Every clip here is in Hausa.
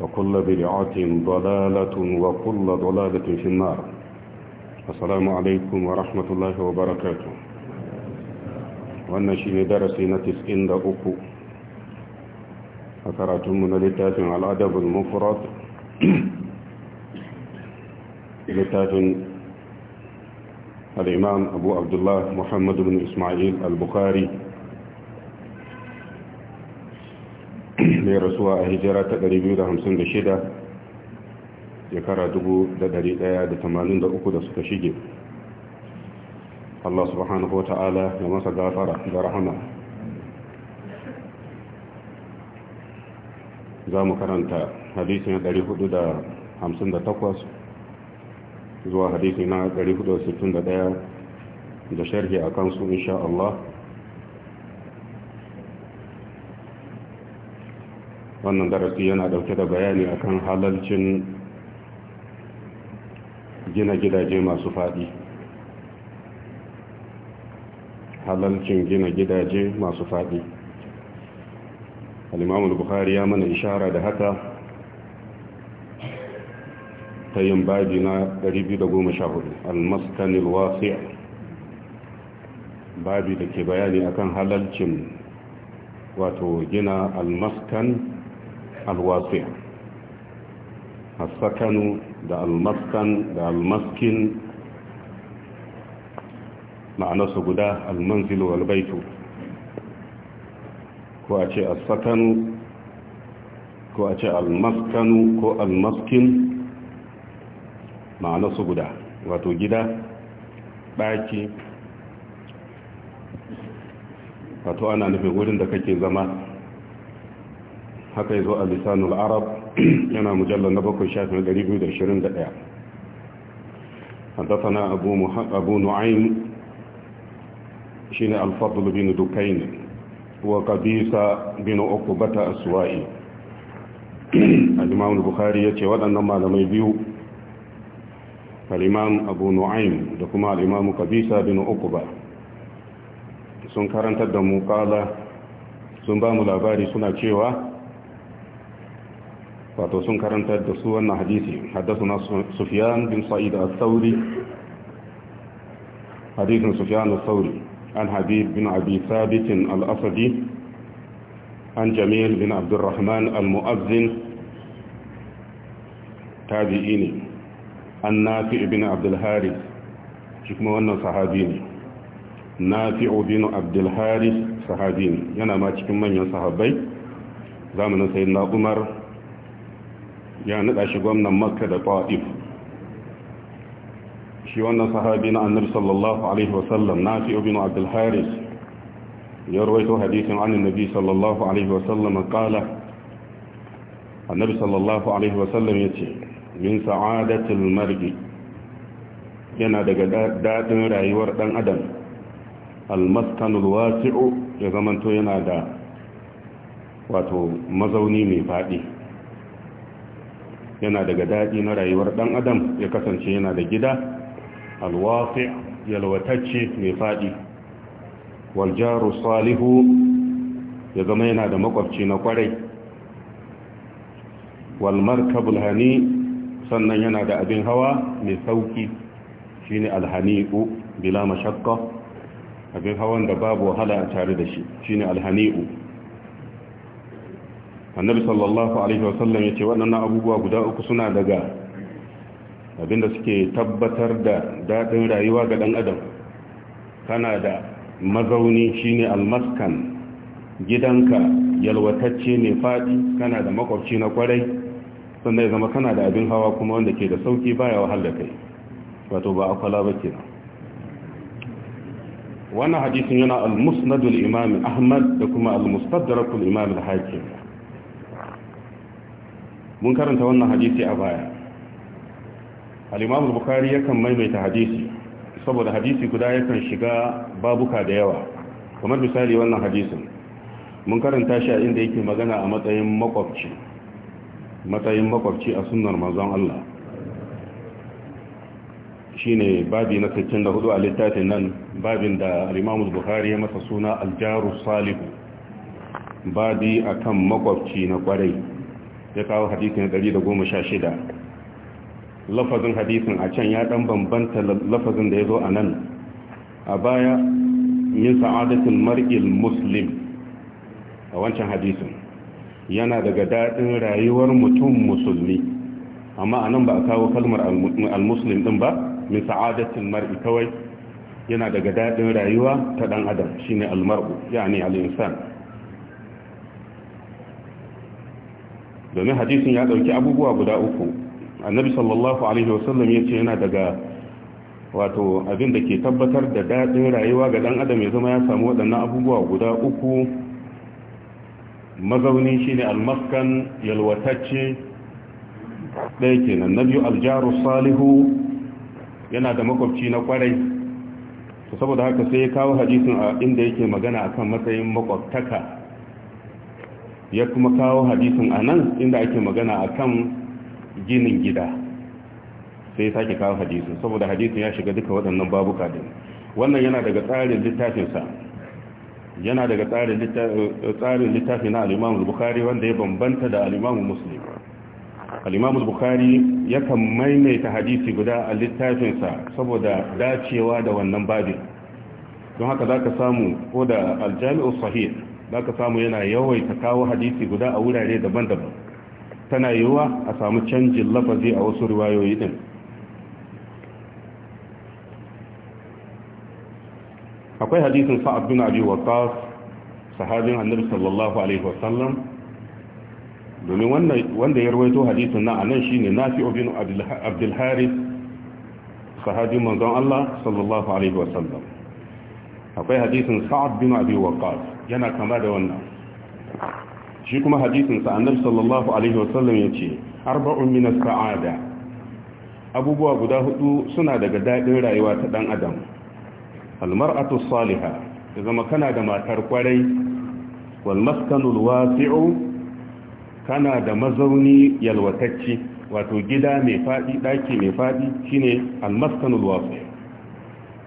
وكل بدعة ضلالة وكل ضلالة في النار السلام عليكم ورحمة الله وبركاته وانا ونشي درسنا تسئن دقو أتراتمنا لتاف على الأدب المفرد لتاف الإمام أبو عبد الله محمد بن إسماعيل البخاري da rasuwa a hijira ta 256 shekara dubu da suka shige Allah subhanahu wa ta'ala ya masa gafara da rahama za mu karanta da 458 zuwa hadisin na 461 da sharhi a kansu insha Allah wannan darasi yana dauke da bayani akan halalcin gina gidaje masu faɗi halalcin gina gidaje masu faɗi al'imamul bukhari ya mana ishara da haka ta yin babi na 214 al-maskanil wasi'a babi da ke bayani akan halalcin wato gina al-maskan alwasiya asakanu da almaskan da almaskin ma'anarsa guda almanzilu albaitu ko a ce asakanu ko a ce almaskanu ko almaskin ma'anarsa guda wato gida ɗaki wato ana nufin wurin da kake zama haka yi zo a lisanul arab yana mujallar na 7,221 haddasa abu abu nu'aim shine alfadul bin dukaini wa kabisa bin okubata asuwa'i al bukhari ya ce waɗannan malamai biyu al-imam abu nu'aim da kuma al-imam kabisa bin okuba sun karanta da mukala sun bamu labari suna cewa wato sun karantar da su wannan hadisi haddasuna sufyan bin sa'id al-thawri hadithun sufyan al-thawri an habib bin abi thabit al-asadi an jamil bin abd al-mu'azzin rahman al tabi'i ne an nafi' bin abd al-haris shi kuma wannan sahabi ne nafi bin abd al-haris sahabi ne yana ma cikin manyan sahabbai zamanin sayyidina umar ya naɗa shi gwamnan makka da ta'if shi wannan sahabi na annabi sallallahu alaihi wasallam nafi ibn abdul haris ya rawaito hadisin an annabi sallallahu alaihi wasallam qala annabi sallallahu alaihi wasallam yace min Sa'adatul mar'i yana daga dadin rayuwar dan adam al-maskanul wasi'u ya zamanto yana da wato mazauni mai fadi yana daga daɗi na rayuwar ɗan adam ya kasance yana da gida alwafi yalwatacce mai faɗi waljaru salihu ya zama yana da makwabci na kwarai walmarkabul hani sannan yana da abin hawa mai sauki shine alhani'u bila mashakka abin hawan da babu wahala a tare da shi shine alhani'u annabi sallallahu alaihi wasallam ya ce waɗannan abubuwa guda uku suna daga abinda suke tabbatar da daɗin rayuwa ga ɗan adam kana da mazauni shine almaskan gidanka yalwatacce ne faɗi kana da makwabci na kwarai sannan ya zama kana da abin hawa kuma wanda ke da sauki baya wahal da kai wato ba kwala ba kenan wannan hadisin yana al-musnadul imam ahmad da kuma al-mustadrakul imam al-hakim mun karanta wannan hadisi a baya al bukari bukhari yakan maimaita hadisi saboda hadisi guda yakan shiga babuka da yawa kamar misali wannan hadisin mun karanta shi a inda yake magana a matsayin makwabci matsayin makwabci a sunnar mazan Allah shine babi na 64 a littafin nan babin da al bukhari ya masa suna al-jaru salihu babi akan makwabci na kwarai ya kawo hadisin 116 lafazin hadisin a can ya dan bambanta lafazin da ya zo a nan a baya min sa'adatin mar'il muslim a wancan hadisin yana daga daɗin rayuwar mutum musulmi amma a nan ba a kawo kalmar al-muslim din ba min sa'adatin mar'i kawai yana daga daɗin rayuwa ta ɗan adam shine al-mar'u yani al-insan domin hadisin ya dauki abubuwa guda uku annabi sallallahu alaihi wasallam yace yana daga wato abin da ke tabbatar da dadin rayuwa ga dan adam ya zama ya samu waɗannan abubuwa guda uku mazauni shine almaskan yalwatacce ɗaya kenan na biyu aljaru salihu yana da makwabci na kwarai saboda haka sai ya kawo hadisin a inda yake magana akan matsayin makwabtaka ya kuma kawo hadisin a nan inda ake magana a kan ginin gida sai ya sake kawo hadisin saboda hadisin ya shiga duka waɗannan babuka din wannan yana daga tsarin littafinsa yana daga tsarin eh, littafi na alimamu bukari wanda ya bambanta da alimamu muslim alimamu bukari kan maimaita hadisi guda a littafinsa saboda dacewa da wannan babin don haka za ka samu ko da aljami'u sahih za ka samu yana yawaita kawo hadisi guda a wurare daban-daban tana yiwuwa a samu canjin lafazi a wasu riwayoyi din akwai hadisin sa'ad bin abi waqas sahabin annabi sallallahu alaihi wasallam domin wanda ya rawaito hadisin nan anan shine nafi'u bin abdul harith sahabin manzon Allah sallallahu alaihi wasallam akwai hadisin sa'ad bin abi waqqas yana kama da wannan shi kuma hadisin sa annabi sallallahu alaihi wasallam yace arba'un min as-sa'ada abubuwa guda hudu suna daga dadin rayuwa ta dan adam al-mar'atu salihah ya zama kana da matar kwarai wal maskanul wasi'u kana da mazauni yalwatacci wato gida mai fadi daki mai fadi shine al maskanul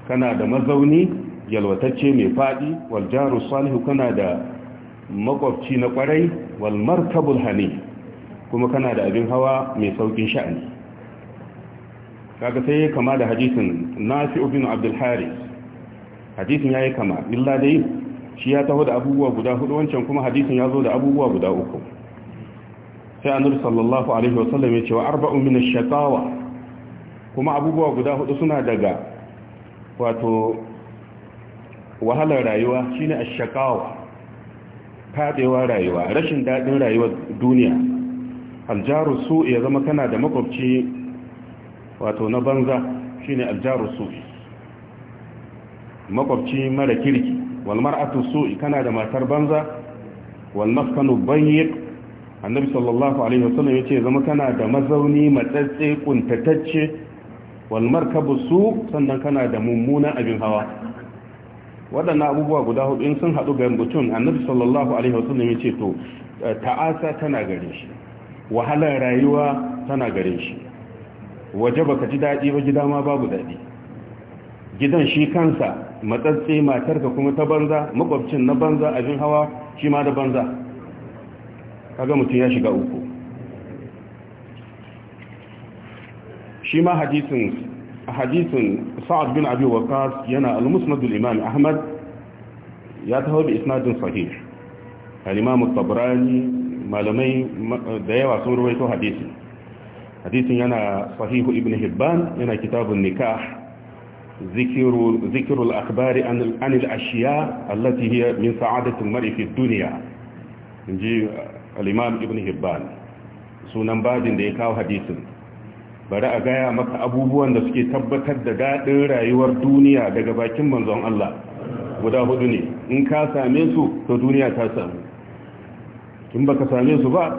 kana da mazauni yalwatacce mai faɗi, wal jaru salihu kana da makwabci na ƙwarai, wal markabul hani kuma kana da abin hawa mai sauƙin sha'ani kaga sai kama da hadisin nasi ubin abdul haris ya yi kama illa dai shi ya taho da abubuwa guda hudu wancan kuma hadisin ya zo da abubuwa guda uku sai Anur sallallahu alaihi wasallam ya ce wa arba'un min ash-shaqawa kuma abubuwa guda hudu suna daga wato wahalar rayuwa shine ashqawa fadewa rayuwa rashin dadin rayuwar duniya aljaru su ya zama kana da makwabci wato na banza shine aljaru su makwabci mara kirki wal mar'atu su kana da matar banza wal maskanu bayyiq annabi sallallahu alaihi wasallam yace zama kana da mazauni matsatse kuntatacce wal markabu su sannan kana da mummunan abin hawa waɗannan abubuwa guda hudu in sun haɗu ga mutum annabi sallallahu alaihi wasallam ya ce to eh, ta'asa tana gare shi wahalar rayuwa tana gare shi waje baka ji daɗi ba gida ma babu daɗi gidan shi kansa matsatse ka kuma ta banza makwabcin na banza abin hawa shi ma da banza kaga mutum ya shiga uku shi ma hadisin A hadisin sa'ad bin abi yana al-musnad al-imam ahmad ya taho da isnadin sahih al-imam malamai da yawa sun ruwaito hadisin hadisin yana sahihu ibn hibban yana kitabun nikah ذكر ذكر الأخبار عن عن الأشياء التي هي من سعادة المرء في الدنيا نجي الإمام ابن هبان sunan badin da ya kawo hadisin bari a gaya maka abubuwan da suke tabbatar da daɗin rayuwar duniya daga bakin manzon Allah guda hudu ne in ka same su to duniya ta samu in baka same su ba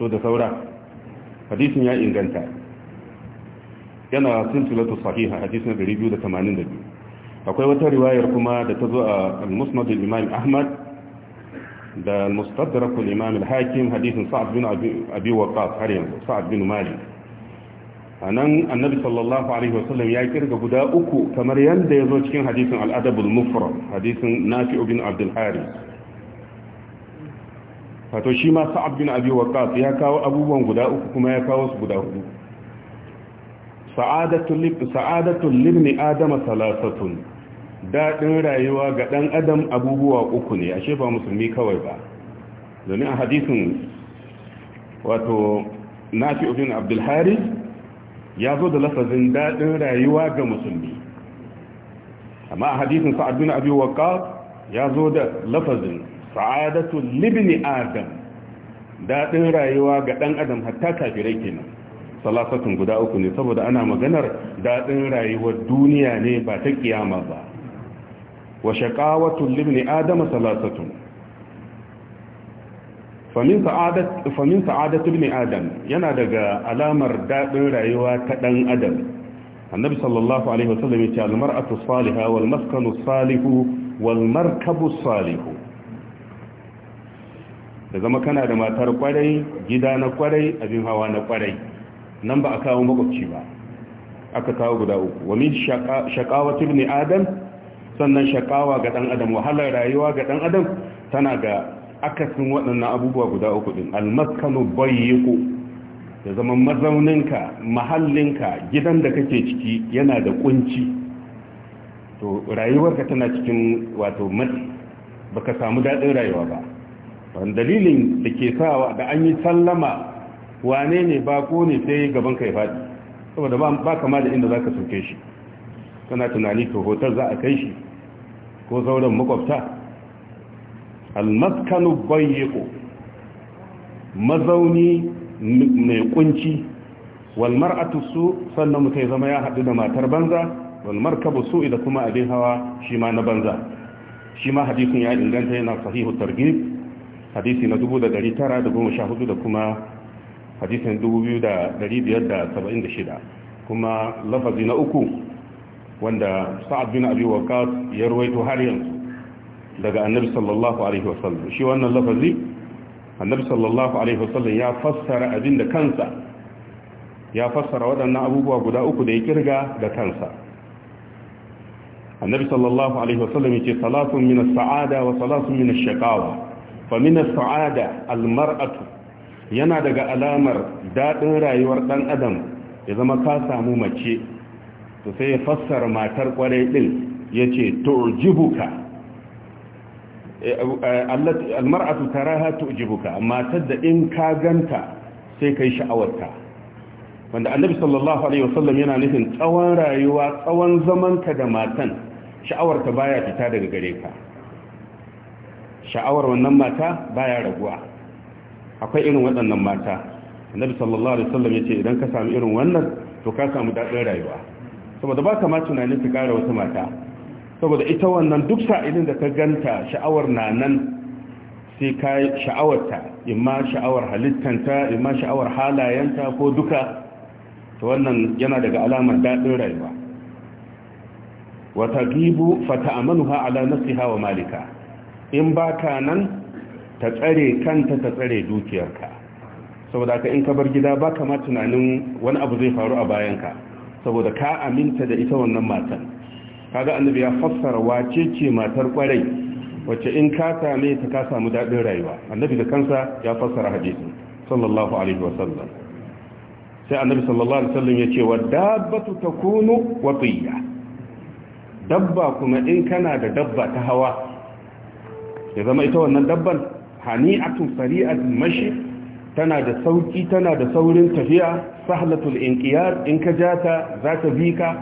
to da saura hadisin ya inganta yana silsilatu sahiha hadisin 282 akwai wata riwayar kuma da ta zo a al-musnad al-imam Ahmad da al-mustadrak al-imam al-Hakim hadisin Sa'd bin Abi Waqqas har yanzu Sa'd bin Malik a nan annabi sallallahu alaihi wasallam ya kirga guda uku kamar yadda ya zo cikin hadisin al'adabul mufra hadisin nafi'u ubin abdul haris wato shi ma sa'ab bin abi waqqas ya kawo abubuwan guda uku kuma ya kawo su guda hudu sa'adatul lib sa'adatul libni adam salasatun dadin rayuwa ga dan adam abubuwa uku ne ashe ba musulmi kawai ba domin a hadisin wato nafi'u ubin abdul haris ya zo da lafazin daɗin rayuwa ga musulmi amma a hadisin sa'ad bin ya zo da lafazin sa'adatu libni adam daɗin rayuwa ga ɗan adam hatta kafirai kenan salafatun guda uku ne saboda ana maganar daɗin rayuwar duniya ne ba ta ƙiyama ba wa shaƙawatu, libni adam salafatun famin sa'adatul mai adam yana daga alamar daɗin rayuwa ta ɗan adam annabi sallallahu alaihi wasallam ya ce mar'atu salihah wal maskanu salihu wal markabu salihu da zama kana da matar kwarai gida na kwarai abin hawa na kwarai nan ba a kawo makwabci ba aka kawo guda uku wa min shaqawati ibn adam sannan shaqawa ga dan adam wahalar rayuwa ga dan adam tana ga akasin waɗannan abubuwa guda uku din almaskanu bayyiku da zama mazauninka mahallinka gidan da kake ciki yana da kunci to rayuwarka tana cikin wato matsi baka samu daɗin rayuwa ba wani dalilin da ke sawa da an yi sallama wane ne ba ko ne sai gaban kai faɗi saboda ba kama da inda za ka soke shi kana tunani to hotar za a kai shi ko zauren makwabta almaskanu bayyiko mazauni mai kunci walmar'atu su sannan mutum zama ya haɗu da matar banza walmar kabu su da kuma abin hawa shi ma na banza shi ma hadisin ya inganta yana sahihu targhib hadisi na 1914 da kuma hadisin 2576 kuma lafazi na uku wanda sa'ad bin abi waqas ya ruwaito har yanzu daga annabi sallallahu alaihi wasallam shi wannan lafazi annabi sallallahu alaihi wasallam ya fassara abin da kansa ya fassara waɗannan abubuwa guda uku da ya kirga da kansa annabi sallallahu alaihi wasallam yace salatun min as-sa'ada wa salatun min ash-shaqawa fa min as-sa'ada al-mar'atu yana daga alamar dadin rayuwar dan adam ya zama ka samu mace to sai ya fassara matar kwarai din yace tu'jibuka almar'atu taraha tu'jibuka matar da in ka ganta sai kai sha'awarta wanda annabi sallallahu alaihi wasallam yana nufin tsawon rayuwa tsawon zamanka da matan sha'awarta baya fita daga gare ka sha'awar wannan mata baya raguwa akwai irin waɗannan mata annabi sallallahu alaihi wasallam yace idan ka samu irin wannan to ka samu dadin rayuwa saboda ba ka ma tunanin ka kara wata mata saboda ita wannan duk sa'idin da ka ganta sha'awar na nan sai ka sha'awarta imma sha'awar halittanta imma sha'awar halayenta ko duka ta wannan yana daga alamar daɗin rayuwa wata gibu fata amanuha ala nasi wa malika in ba ka nan ta tsare kanta ta tsare dukiyarka saboda ka in ka bar gida ba kama tunanin wani abu zai faru a bayanka saboda ka aminta da ita wannan matan kaga annabi ya fassara wace ce matar kwarai wacce in ka same ta ka samu dadin rayuwa annabi da kansa ya fassara hadisin sallallahu alaihi wasallam sai annabi sallallahu alaihi wasallam yace wa dabbatu takunu watiya dabba kuma in kana da dabba ta hawa ya zama ita wannan dabban hani'atu sari'atul mashi tana da sauki tana da saurin tafiya sahlatul inqiyad in ka jata za ta bi ka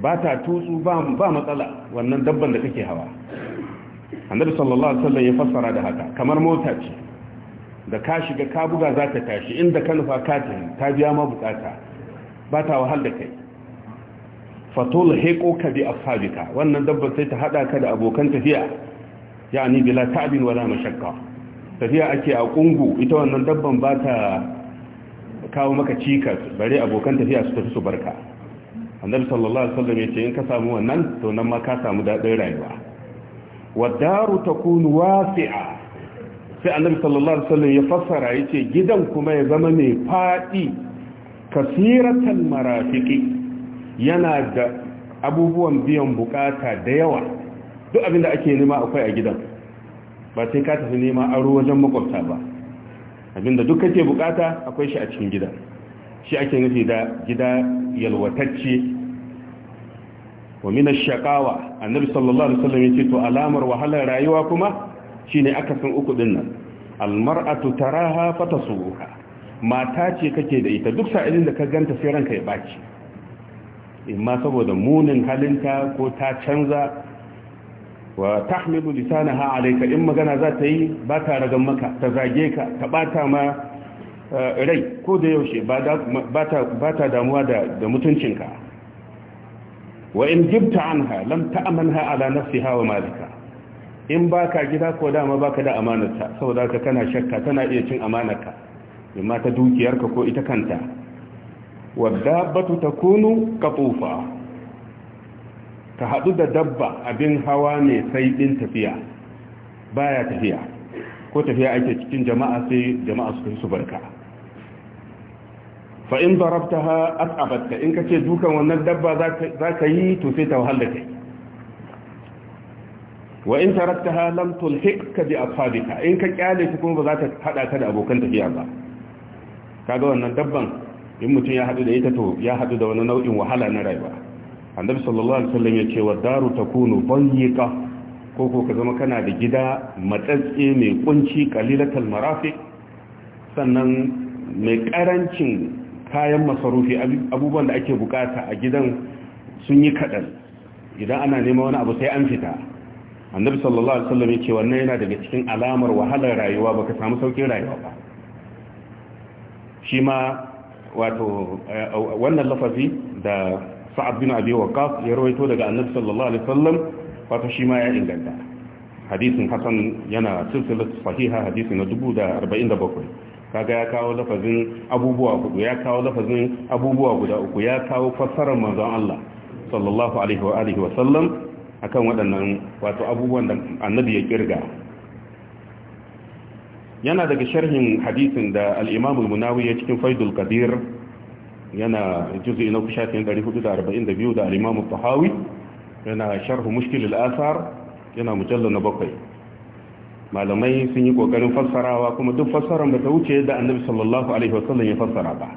ba ta tutsu ba matsala wannan dabban da kake hawa annabi sallallahu alaihi wasallam ya fassara da haka kamar mota ce da ka shiga ka buga za ta tashi inda ka nufa ka ta biya ma bukata ba ta wahal da kai fatul heko ka bi ashabika wannan dabba sai ta hada ka da abokan tafiya yani bila ta'bin wala mashakka tafiya ake a kungu ita wannan dabban ba ta kawo maka cikas bare abokan tafiya su tafi su barka annabi sallallahu alaihi wasallam yace in ka samu wannan to nan ma ka samu dadin rayuwa wa daru takunu wasi'a sai annabi sallallahu alaihi wasallam ya fassara yace gidan kuma ya zama mai fadi kasiratan marafiki yana da abubuwan biyan bukata da yawa duk abinda ake nema akwai a gidan ba sai ka tafi nema aro wajen makwabta ba abinda duk kake bukata akwai shi a cikin gidan shi ake nufi da gida yalwatacce wa min ash-shaqawa annabi sallallahu alaihi wasallam yace to alamar wahalar rayuwa kuma shine san uku din nan al-mar'atu taraha fatasuha mata ce kake da ita duk sa'ilin da ka ganta sai ranka ya baci imma saboda munin halinta ko ta canza wa tahmilu lisanaha alayka in magana za ta yi ba ta ragan maka ta zage ka ta bata ma eh, rai ko da yaushe ba ta damuwa da mutuncinka wa in jibta anha lam ta'manha ala nafsiha wa malika in baka gida ko dama baka da amanarta saboda ka kana shakka tana iya cin amanarka imma ta dukiyarka ko ita kanta wadda batu takunu qatufa ka hadu da dabba abin hawa ne sai din tafiya baya tafiya ko tafiya ake cikin jama'a sai jama'a su su barka fa in darabtaha at'abatka in ka ce dukan wannan dabba za ka yi to sai ta wahal da kai wa in taraktaha lam ka bi ashabika in ka kyale ta kuma ba za ta hada ka da abokan tafiya ba kaga wannan dabban in mutum ya hadu da ita to ya hadu da wani nau'in wahala na rayuwa annabi sallallahu alaihi wasallam ya ce wa daru takunu dayyiqa ko ko ka zama kana da gida matsatse mai kunci qalilatul marafiq sannan mai karancin kayan masarufi abubuwan da ake bukata a gidan sun yi kaɗan idan ana nema wani abu sai an fita annabi sallallahu alaihi wasallam yake wannan yana daga cikin alamar wahalar rayuwa baka samu saukin rayuwa ba shi ma wato wannan lafazi da sa'ad bin abi waqqas ya rawaito daga annabi sallallahu alaihi wasallam wato shi ma ya inganta hadisin hasan yana silsilatu sahiha hadisi na 1047 kaga ya kawo lafazin abubuwa hudu ya kawo lafazin abubuwa guda uku ya kawo fassarar manzon Allah sallallahu alaihi wa alihi wa sallam akan waɗannan wato abubuwan da annabi ya kirga yana daga sharhin hadisin da al-Imam al-Munawi ya cikin Faidul Qadir yana juz'i na shafin 442 da al-Imam al-Tahawi yana sharh mushkil al-athar yana mujallal na bakwai malamai sun yi kokarin fassarawa kuma duk fassarar ba ta wuce yadda annabi sallallahu alaihi wasallam ya fassara ba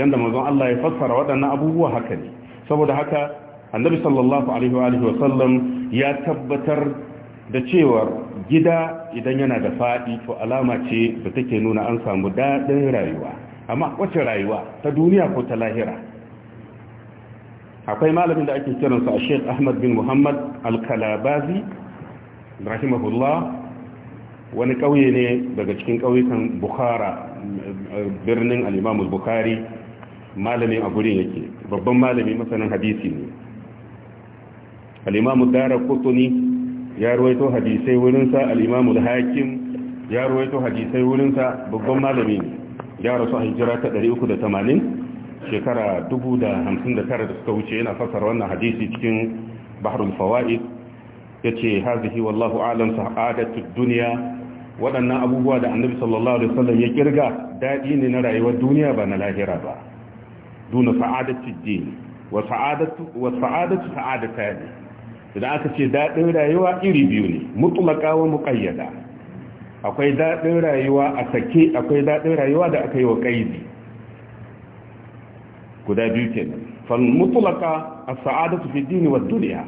yanda manzon Allah ya fassara waɗannan abubuwa haka ne saboda haka annabi sallallahu alaihi wa alihi wasallam ya tabbatar da cewa gida idan yana da fadi to alama ce da take nuna an samu dadin rayuwa amma wace rayuwa ta duniya ko ta lahira akwai malamin da ake kiransa Sheikh Ahmad bin Muhammad Al-Kalabazi rahimahullah wani ƙauye ne daga cikin ƙauyukan bukhara birnin al'imamul bukhari malamin a gurin yake babban malami masanin hadisi ne al'imamul dara kutuni ya ruwaito hadisai wurinsa al'imamul hakim ya ruwaito hadisai wurinsa babban malami ya rasu a hijira ta 380 shekara 1059 da suka wuce yana fasar wannan hadisi cikin baharul fawa'id ya ce hazihi wallahu alam sa'adatu duniya waɗannan abubuwa da annabi sallallahu alaihi wasallam ya kirga daɗi ne na rayuwar duniya ba na lahira ba duna sa'adatu din wa sa'adatu wa sa'adatu sa'adata ne idan aka ce daɗin rayuwa iri biyu ne mutlaka wa muqayyada akwai daɗin rayuwa a sake akwai daɗin rayuwa da aka yi wa kaidi guda biyu kenan fal mutlaka as-sa'adatu fi din wa dunya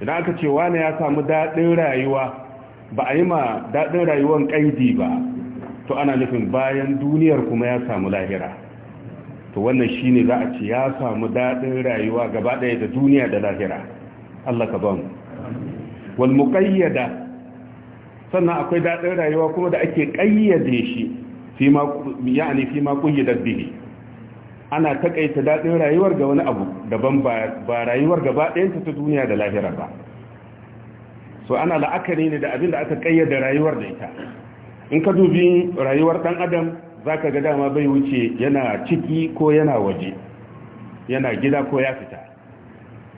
idan aka ce wani ya samu daɗin rayuwa ba a yi ma daɗin rayuwar ƙaidi ba to ana nufin bayan duniyar kuma ya samu lahira to wannan shi ne za a ce ya samu daɗin rayuwa gaba ɗaya da duniya da lahira Allah ka ban wal muƙayyada sannan akwai daɗin rayuwa kuma da ake ƙayyade shi ya'ani fi ma ƙuyyadar bihi ana taƙaita daɗin rayuwar ga wani abu daban ba rayuwar gaba ɗayanta ta duniya da lahira ba so ana la'akari ne da abin da aka kayyada rayuwar da ita in ka dubi rayuwar dan adam zaka ga dama bai wuce yana ciki ko yana waje yana gida ko ya fita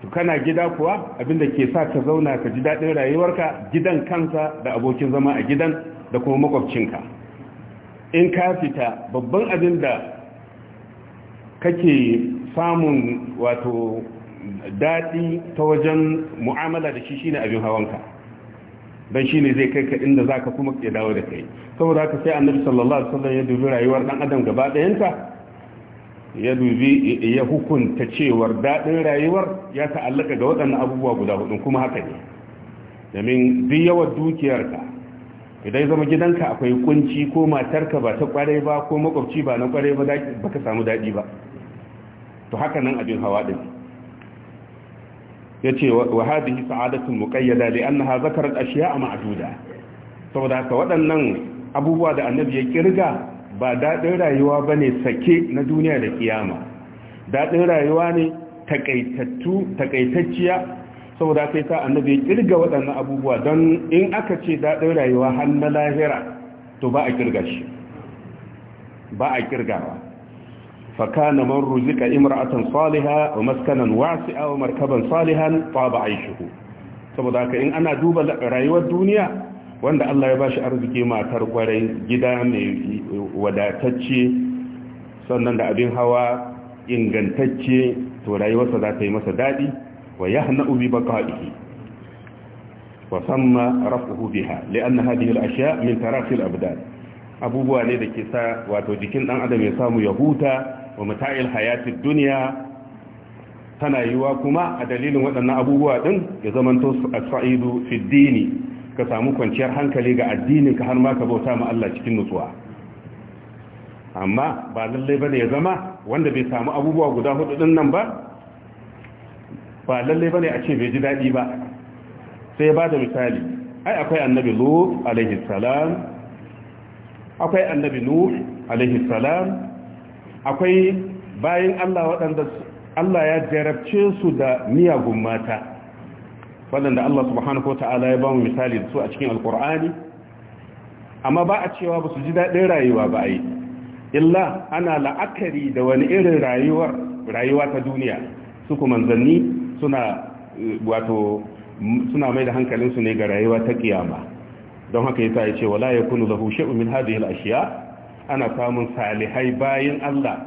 to kana gida kuwa abin da ke sa ka zauna ka ji daɗin rayuwarka gidan kansa da abokin zama a gidan da kuma makwabcinka in ka fita babban abin da kake samun wato daɗi ta wajen mu'amala da shi shine abin hawanka dan ne zai kai ka inda zaka kuma ya dawo da kai saboda haka sai annabi sallallahu alaihi wasallam ya dubi rayuwar dan adam gaba ɗayanta ya dubi ya hukunta cewar dadin rayuwar ya ta'allaka ga waɗannan abubuwa guda hudu kuma haka ne domin duk yawan dukiyarka idan zama gidanka akwai kunci ko matarka ba ta kwarai ba ko makwabci ba na kwarai ba ka samu daɗi ba to haka nan abin hawa ɗin yace wa hadhihi sa'adatu muqayyada li annaha zakarat ashiya'a ma'duda saboda haka waɗannan abubuwa da annabi ya kirga ba daɗin rayuwa bane sake na duniya da kiyama daɗin rayuwa ne takaitattu takaitacciya saboda sai sa annabi ya kirga waɗannan abubuwa don in aka ce daɗin rayuwa har na lahira to ba a kirga shi ba a kirgawa fakana man ruzika imra'atan salihah wa maskanan wasi'a wa markaban salihan saboda haka in ana duba rayuwar duniya wanda Allah ya bashi arziki matar kwarai gida mai wadatacce sannan da abin hawa ingantacce to rayuwarsa za ta yi masa daɗi wa yahna'u bi baqa'ihi وسمى رفعه بها لأن هذه الأشياء من تراخي الأبدان abubuwa ne da ke sa wato jikin ɗan adam ya samu ya huta wa mata'il hayatid duniya tana yiwa kuma a dalilin waɗannan abubuwa ɗin ya zamanto sa'idu fi dini ka samu kwanciyar hankali ga addinin ka har ma ka bauta ma Allah cikin nutsuwa amma ba lallai bane ya zama wanda bai samu abubuwa guda hudu din nan ba ba lallai bane a ce bai ji daɗi ba sai ba da misali ai akwai annabi lut alaihi salam akwai annabi nuh alaihi salam akwai bayan Allah waɗanda Allah ya jarabce su da miyagun mata waɗanda Allah subhanahu wa ta'ala ya ba mu misali da su a cikin alkur'ani amma ba a cewa ba su ji daɗin rayuwa ba a yi illa ana la'akari da wani irin rayuwar rayuwa ta duniya su kuma zanni suna wato suna mai da hankalinsu ne ga rayuwa ta kiyama don haka yasa ya ce wala kunu lahu shay'un min hadhihi al-ashiya ana samun salihai bayan Allah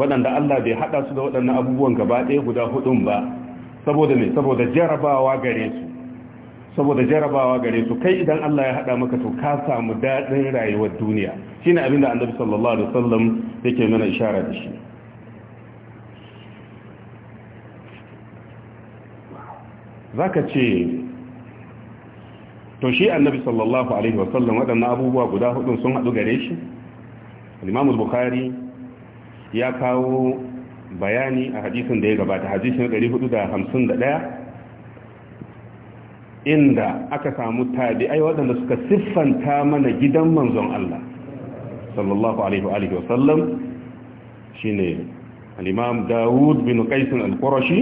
waɗanda Allah bai haɗa su da waɗannan abubuwan gaba ɗaya guda hudun ba saboda ne saboda jarabawa gare su saboda jarabawa gare su kai idan Allah ya haɗa maka to ka samu daɗin rayuwar duniya shi ne abinda Annabi sallallahu alaihi wasallam yake mana ishara da shi zaka ce to shi annabi sallallahu alaihi wasallam waɗannan abubuwa guda hudun sun haɗu gare shi imam bukhari ya kawo bayani a hadisin da ya gabata hadisin 451 inda aka samu tabi'ai waɗanda suka siffanta mana gidan manzon Allah sallallahu alaihi wa alihi wa sallam shine al-imam Dawud bin Qais al-Qurashi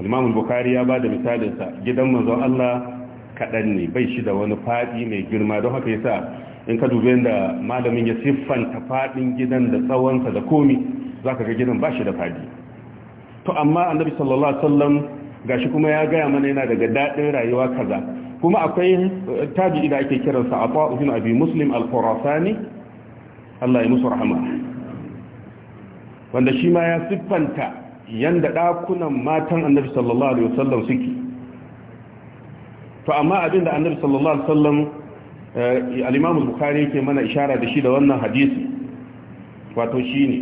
al-imam bukhari ya bada misalin sa gidan manzon Allah kadan ne bai shi da wani fadi mai girma don haka yasa in ka dubi da malamin ya siffanta fadin gidan da tsawonsa da komi za ka ga gidan ba shi da fadi to amma annabi sallallahu alaihi wasallam gashi kuma ya gaya mana yana daga daɗin rayuwa kaza kuma akwai tabi'i da ake kiransa a ta'ufin abi muslim al-khurasani Allah ya musu rahama wanda shi ma ya siffanta yanda ɗakunan matan annabi sallallahu alaihi wasallam suke to amma abin da annabi sallallahu alaihi wasallam Eh, al-imam bukhari yake mana ishara da shi da wannan hadisi wato shi ne.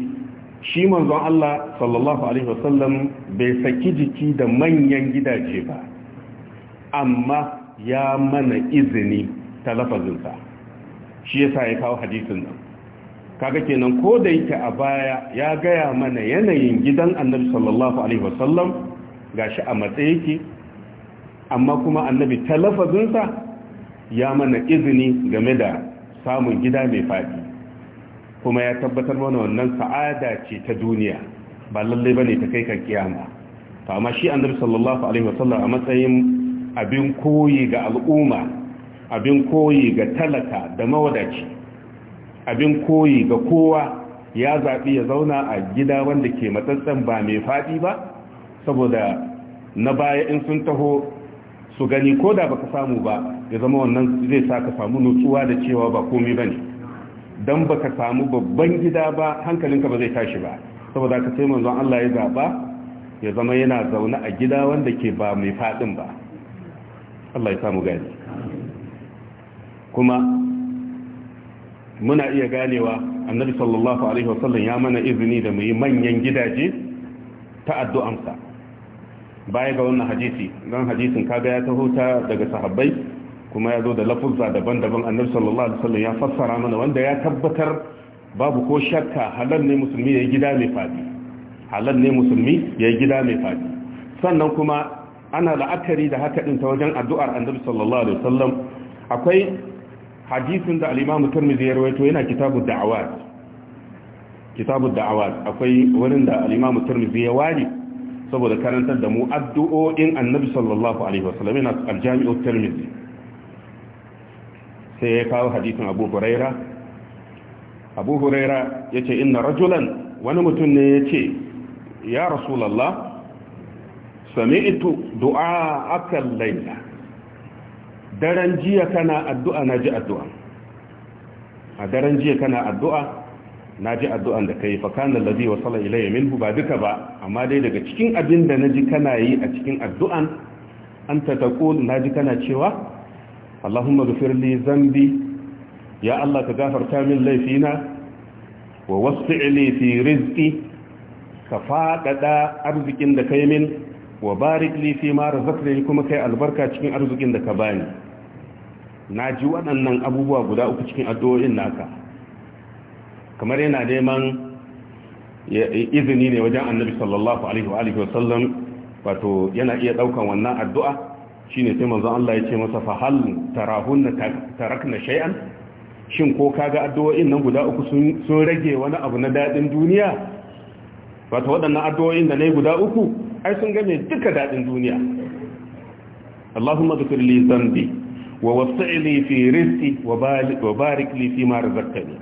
shi manzon Allah sallallahu alaihi wasallam bai saki jiki da manyan gidaje ba amma ya mana izini ta lafazinsa shi yasa ya kawo hadisin nan kaga kenan ko da yake a baya ya gaya mana yanayin gidan annabi sallallahu alaihi wasallam gashi a matsayi yake amma kuma annabi ta lafazinsa ya mana izini game da samun gida mai faɗi kuma ya tabbatar mana wannan sa'ada ce ta duniya ba lalle ba ne ta kai kan kiyama to amma shi annabi sallallahu alaihi wasallam a matsayin abin koyi ga al'umma abin koyi ga talaka da mawadaci abin koyi ga kowa ya zaɓi ya zauna a gida wanda ke matsatsan ba mai faɗi ba saboda na baya in sun taho su gani ko da baka samu ba ya zama wannan zai sa ka samu nutsuwa da cewa ba komai ba ne don ba ka samu babban gida ba hankalinka ba zai tashi ba saboda ka sai manzon Allah ya zaɓa ya zama yana zaune a gida wanda ke ba mai faɗin ba Allah ya samu gani kuma muna iya ganewa annabi sallallahu alaihi wasallam ya mana izini da mu yi manyan gidaje ta addu'ansa baya ga wannan hadisi don hadisin kaga ya taho ta daga sahabbai kuma ya zo da lafuzza daban-daban annabi sallallahu alaihi wasallam ya fassara mana wanda ya tabbatar babu ko shakka halal ne musulmi ya yi gida mai fadi halal ne musulmi ya yi gida mai fadi sannan kuma ana la'akari da haka din ta wajen addu'ar annabi sallallahu alaihi wasallam akwai hadisin da al-imam Tirmidhi ya rawaito yana kitabu da'awat kitabu da'awat akwai wurin da al-imam Tirmidhi ya wari saboda karantar da mu addu'o'in annabi sallallahu alaihi wasallam yana al-jami'u Tirmidhi sai ya kawo hadisin abu huraira abu huraira ya ce inna rajulan wani mutum ne ya ce ya rasulallah sami'tu du'a akan laila daren jiya kana addu'a na ji addu'a a daren jiya kana addu'a na ji addu'an da ka yi fakanan lazi wa tsala ilayya minhu ba duka ba amma dai daga cikin abin da na ji kana yi a cikin addu'an an ta taƙo na ji kana cewa Allahumma ghfir li zambi ya Allah ka gafarta min laifi na wa wasu li rizqi ka faɗaɗa arzikin da kai min wa barik li fi ma razaqtani kuma kai albarka cikin arzikin da ka bani na ji waɗannan abubuwa guda uku cikin addu'o'in naka kamar yana neman izini ne wajen annabi sallallahu alaihi wa alihi wato yana iya daukan wannan addu'a shine sai manzon Allah ya ce masa fa hal tarahunna tarakna shay'an shin ko kaga addu'o'in nan guda uku sun rage wani abu na dadin duniya wata waɗannan addu'o'in da nayi guda uku ai sun game duka dadin duniya Allahumma dhkur li dhanbi wa wasi' li fi rizqi wa barik li fi ma razaqtani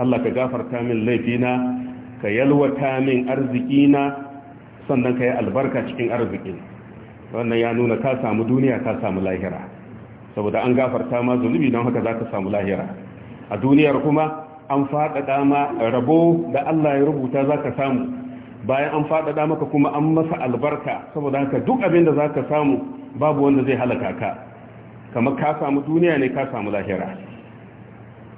Allah ka gafarta min laifina ka yalwata min arzikina sannan ka yi albarka cikin arzikin wannan ya nuna ka samu duniya ka samu lahira saboda an gafarta ma zunubi don haka za ka samu lahira a duniyar kuma an faɗaɗa ma rabo da Allah ya rubuta za ka samu bayan an faɗaɗa maka kuma an masa albarka saboda haka duk abin da za ka samu babu wanda zai halaka ka kamar ka samu duniya ne ka samu lahira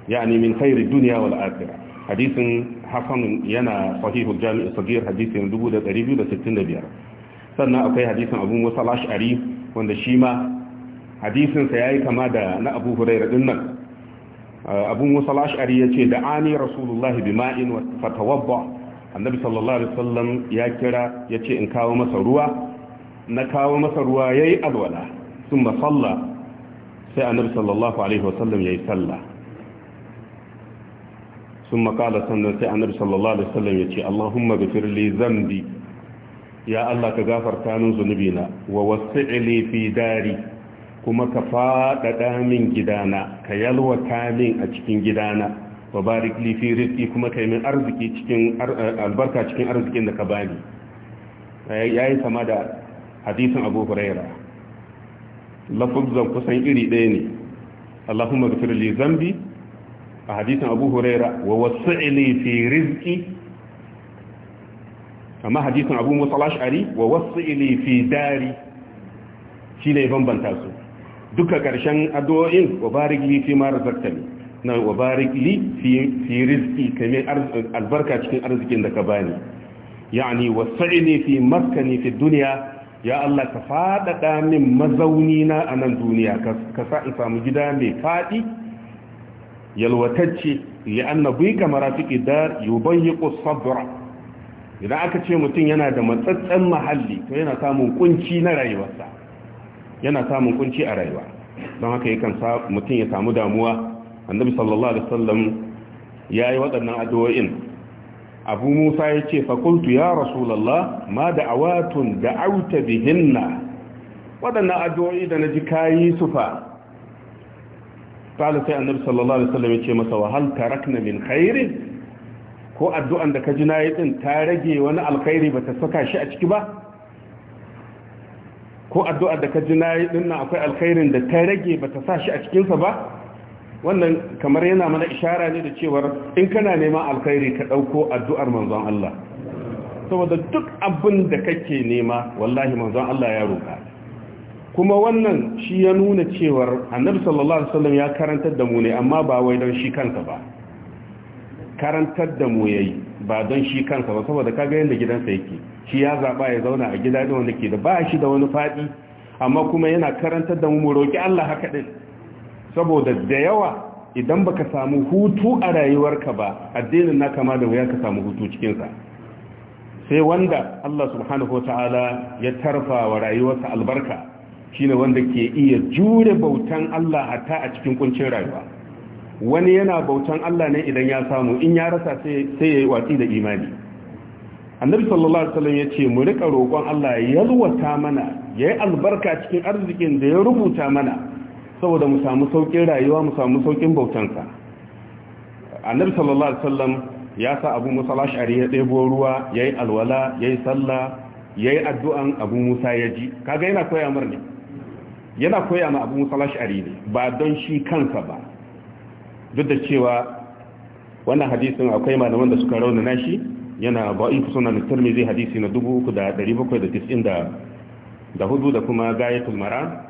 yani min khairi duniya wal akhirah hadisin hasan yana sahihul jami'i sagir hadisin 2265 sannan akwai hadisin abu musa ash'ari wanda shi ma hadisinsa ya yi kama da na abu hurairu din nan uh, abu musa ash'ari ya ce da ani rasulullahi bi ma'in wa fatawabba annabi sallallahu alaihi wasallam ya kira ya ce in kawo masa ruwa na kawo masa ruwa ya yi alwala sun masalla sai annabi sallallahu alaihi wasallam ya yi sallah sun makala sannan sai annabi sallallahu alaihi wasallam ya ce allahumma gafir li zambi ya Allah ka gafarta min zunubina wa wasi'li fi dari kuma ka faɗaɗa min gidana ka yalwata min a cikin gidana wa barik li fi rizqi kuma kai min arziki cikin albarka cikin arzikin da ka bani eh, yayi sama da hadisin Abu Hurairah lafuzan kusan iri ɗaya ne Allahumma ghfir li dhanbi a hadisin Abu Hurairah wa wasi'li fi rizqi amma hadisin abu musa al-ash'ari wa wasi'li fi dari ne bambanta su duka karshen addu'o'in wa barik li fi na wa barik fi kamar albarka cikin arzikin da ka bani yani wasi'li fi maskani fi duniya ya Allah ka faɗaɗa min mazauni na a nan duniya ka sa in samu gida mai faɗi yalwatacce li'anna bi kamar rafiki dar yubayyiqu sabra idan aka ce mutum yana da matsatsen mahalli to yana samun kunci na rayuwarsa yana samun kunci a rayuwa don haka kan mutum ya samu damuwa annabi sallallahu alaihi wasallam ya yi waɗannan addu'o'in abu musa ya ce fakultu ya rasulallah ma da'awatun da'auta bihinna waɗannan addu'o'i da na ji kayi su fa قال سي النبي صلى الله عليه وسلم يقول مثلا هل تركنا min خير ko addu'an da ka ji na yi din ta rage wani alkhairi ba ta saka shi a ciki ba ko addu'ar da ka ji na yi din na akwai alkhairin da ta rage ba ta sa shi a cikinsa ba wannan kamar yana mana ishara ne da cewar in kana neman alkhairi ka ɗauko addu'ar manzon Allah saboda duk abin da kake nema wallahi manzon Allah ya roƙa kuma wannan shi ya nuna cewar annabi sallallahu alaihi wasallam ya karantar da mu ne amma ba wai don shi kansa ba karantar da mu yayi ba don shi kansa ba saboda ka ga yanda gidansa yake shi ya zaba ya zauna a gida da wanda ke da ba shi da wani fadi amma kuma yana karantar da mu mu roki Allah haka din saboda da yawa idan baka samu hutu a rayuwarka ba addinin na kama da wuya ka samu hutu cikin sa sai wanda Allah subhanahu wataala ya tarfa wa rayuwarsa albarka shine wanda ke iya jure bautan Allah hatta a cikin kuncin rayuwa wani yana bautan Allah ne idan ya samu in ya rasa sai ya yi watsi da imani annabi sallallahu alaihi wasallam ya ce mu rika roƙon Allah ya yalwata mana ya yi albarka cikin arzikin da ya rubuta mana saboda mu samu sauƙin rayuwa mu samu sauƙin bautansa annabi sallallahu alaihi wasallam ya sa abu musa lashari ya ɗebo ruwa ya yi alwala ya yi sallah ya yi addu'an abu musa ya ji kaga yana koya mar ne yana koya ma abu musa lashari ne ba don shi kansa ba duk da cewa wannan hadisin akwai malaman da suka raunana nashi yana ba'in sunan tirmidhi hadisi na 3794 da hudu da kuma gayatul mara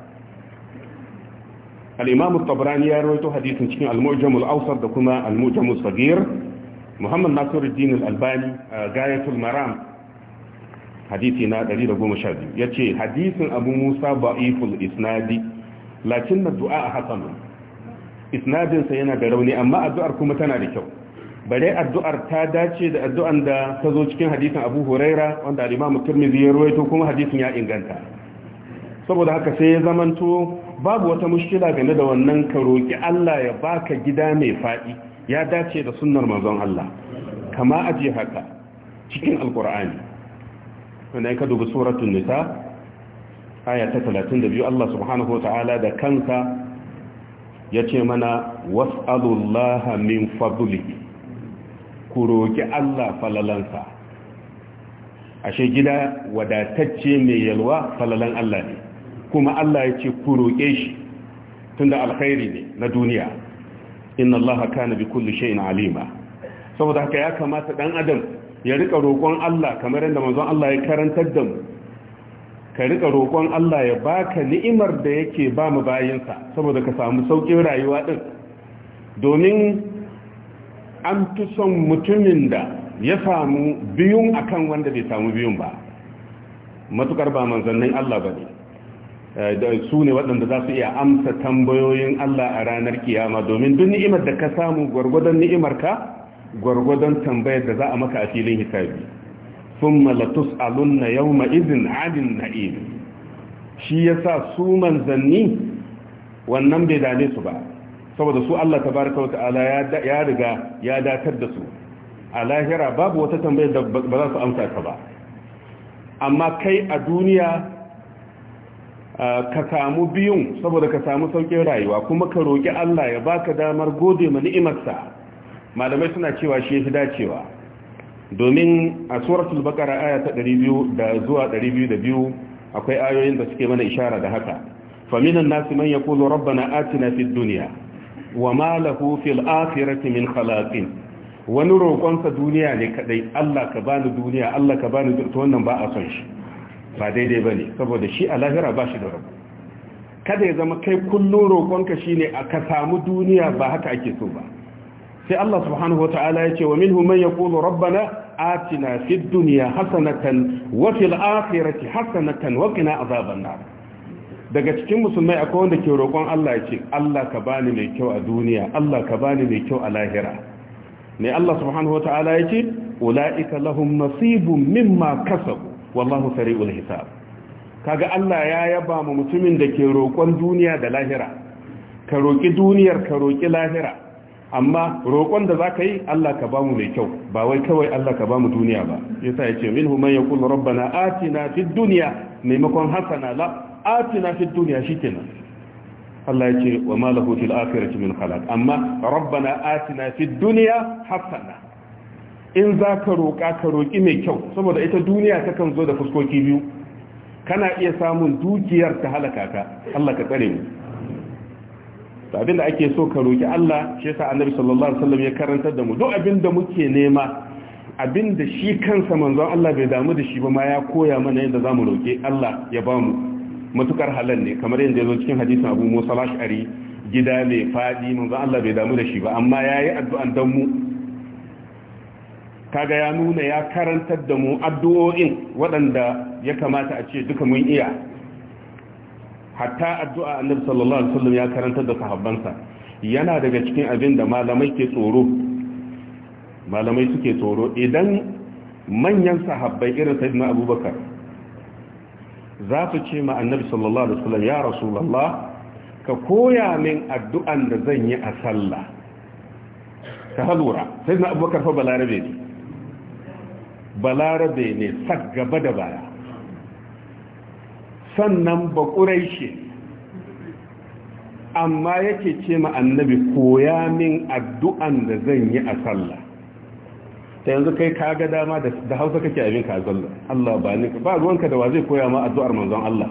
al-imam at-tabrani ya rawaito hadisin cikin al-mu'jam al-awsat da kuma al-mu'jam as-saghir muhammad nasiruddin al-albani gayatul maram hadisi na 112 yace hadisin abu musa ba'iful isnadi lakinna du'a hasanun isnadinsa yana da rauni amma addu'ar kuma tana da kyau bare addu'ar ta dace da addu'an da ta zo cikin hadisin abu huraira wanda alimamu turmizi ya ruwaito kuma hadisin ya inganta saboda haka sai ya zamanto babu wata mushkila game da wannan ka roƙi allah ya baka gida mai faɗi ya dace da sunnar manzon allah kama aje haka cikin alkur'ani wanda ka dubi suratun nisa aya ta 32 allah subhanahu wa ta'ala da kanka ya ce mana was'alullaha min fadlihi ku roki Allah falalansa ashe gida wadatacce mai yalwa falalan Allah ne kuma Allah ya ce ku roƙe shi tunda alkhairi ne na duniya inna Allah kana bi kulli shay'in alima saboda haka ya kamata dan adam ya rika roƙon Allah kamar yadda manzon Allah ya karantar da mu ka rika roƙon Allah ya baka ni'imar da yake ba mu bayinsa saboda ka samu sauƙin rayuwa ɗin, domin an fi son mutumin da ya samu biyun akan wanda bai samu biyun ba matukar ba manzannin Allah ba ne eh, su ne waɗanda za su iya amsa tambayoyin Allah a ranar kiyama domin duk ni'imar da ka samu gwargwadon ni'imarka gwargwadon tambayar da za a maka a filin hisabi thumma latus'alunna yawma عن النعيم na'im shi yasa su manzanni wannan bai dame su ba saboda su Allah tabaraka wa ta'ala ya riga ya datar da su a lahira babu wata tambayar da ba za su amsa ta ba amma kai a duniya ka samu biyun saboda ka samu saukin rayuwa kuma ka roƙi Allah ya baka damar gode ma ni'imarsa malamai suna cewa shi fi dacewa domin a suratul bakara aya ta 200 da zuwa 202 akwai ayoyin da suke mana ishara da haka faminan nasu man yaqulu rabbana atina fid dunya ma lahu fil akhirati min khalaqin wani roƙonsa duniya ne kadai Allah ka bani duniya Allah ka bani to wannan ba a son shi ba daidai bane saboda shi a lahira ba shi da rabu kada ya zama kai kullun roƙonka shine a ka samu duniya ba haka ake so ba sai Allah subhanahu wata'ala ya ce wa minhu ya yaqulu rabbana atina fid dunya hasanatan wa fil hasanatan wa azaban na. daga cikin musulmai akwai wanda ke roƙon Allah ya ce Allah ka bani mai kyau a duniya Allah ka bani mai kyau a lahira ne Allah subhanahu wata'ala ya ce ulaika lahum nasibun mimma kasabu wallahu sari'ul hisab kaga Allah ya yaba mu mutumin da ke roƙon duniya da lahira ka roƙi duniyar ka roƙi lahira amma roƙon da za ka yi Allah ka bamu mai kyau ba wai kawai Allah ka bamu duniya ba yasa ya ce min hu man yaqulu rabbana atina fid dunya maimakon hasana la atina fid dunya shikenan Allah ya ce wa ma lahu fil akhirati min khalaq amma rabbana atina fid dunya hasana in za ka roƙa ka roƙi mai kyau saboda ita duniya kakan zo da fuskoki biyu kana iya samun dukiyar ta halaka ka Allah ka tsare mu to da ake so ka roki Allah shi yasa annabi sallallahu alaihi wasallam ya karantar da mu duk abin da muke nema abin da shi kansa manzon Allah bai damu da shi ba ma ya koya mana yadda za mu roki Allah ya bamu matukar halal ne kamar yadda zo cikin hadisin Abu Musa al-Ash'ari gida mai fadi manzon Allah bai damu da shi ba amma yayi addu'an dan mu kaga ya nuna ya karantar da mu addu'o'in waɗanda ya kamata a ce duka mun iya hatta addu'a annabi sallallahu alaihi wasallam ya karantar da sahabbansa yana daga cikin abin da malamai ke tsoro malamai suke tsoro idan manyan sahabbai irin sayyidina abubakar za su ce ma annabi sallallahu alaihi wasallam ya rasulullah ka koya min addu'an da zan yi a sallah ka halura sayyidina abubakar fa balarabe ne balarabe ne sak gaba da baya sannan ba shi amma yake ce ma annabi koya min addu'an da zan yi a sallah ta yanzu kai ka ga dama da hausa kake abin ka zalla Allah ba ni ba ruwanka da wa zai koya ma addu'ar manzon Allah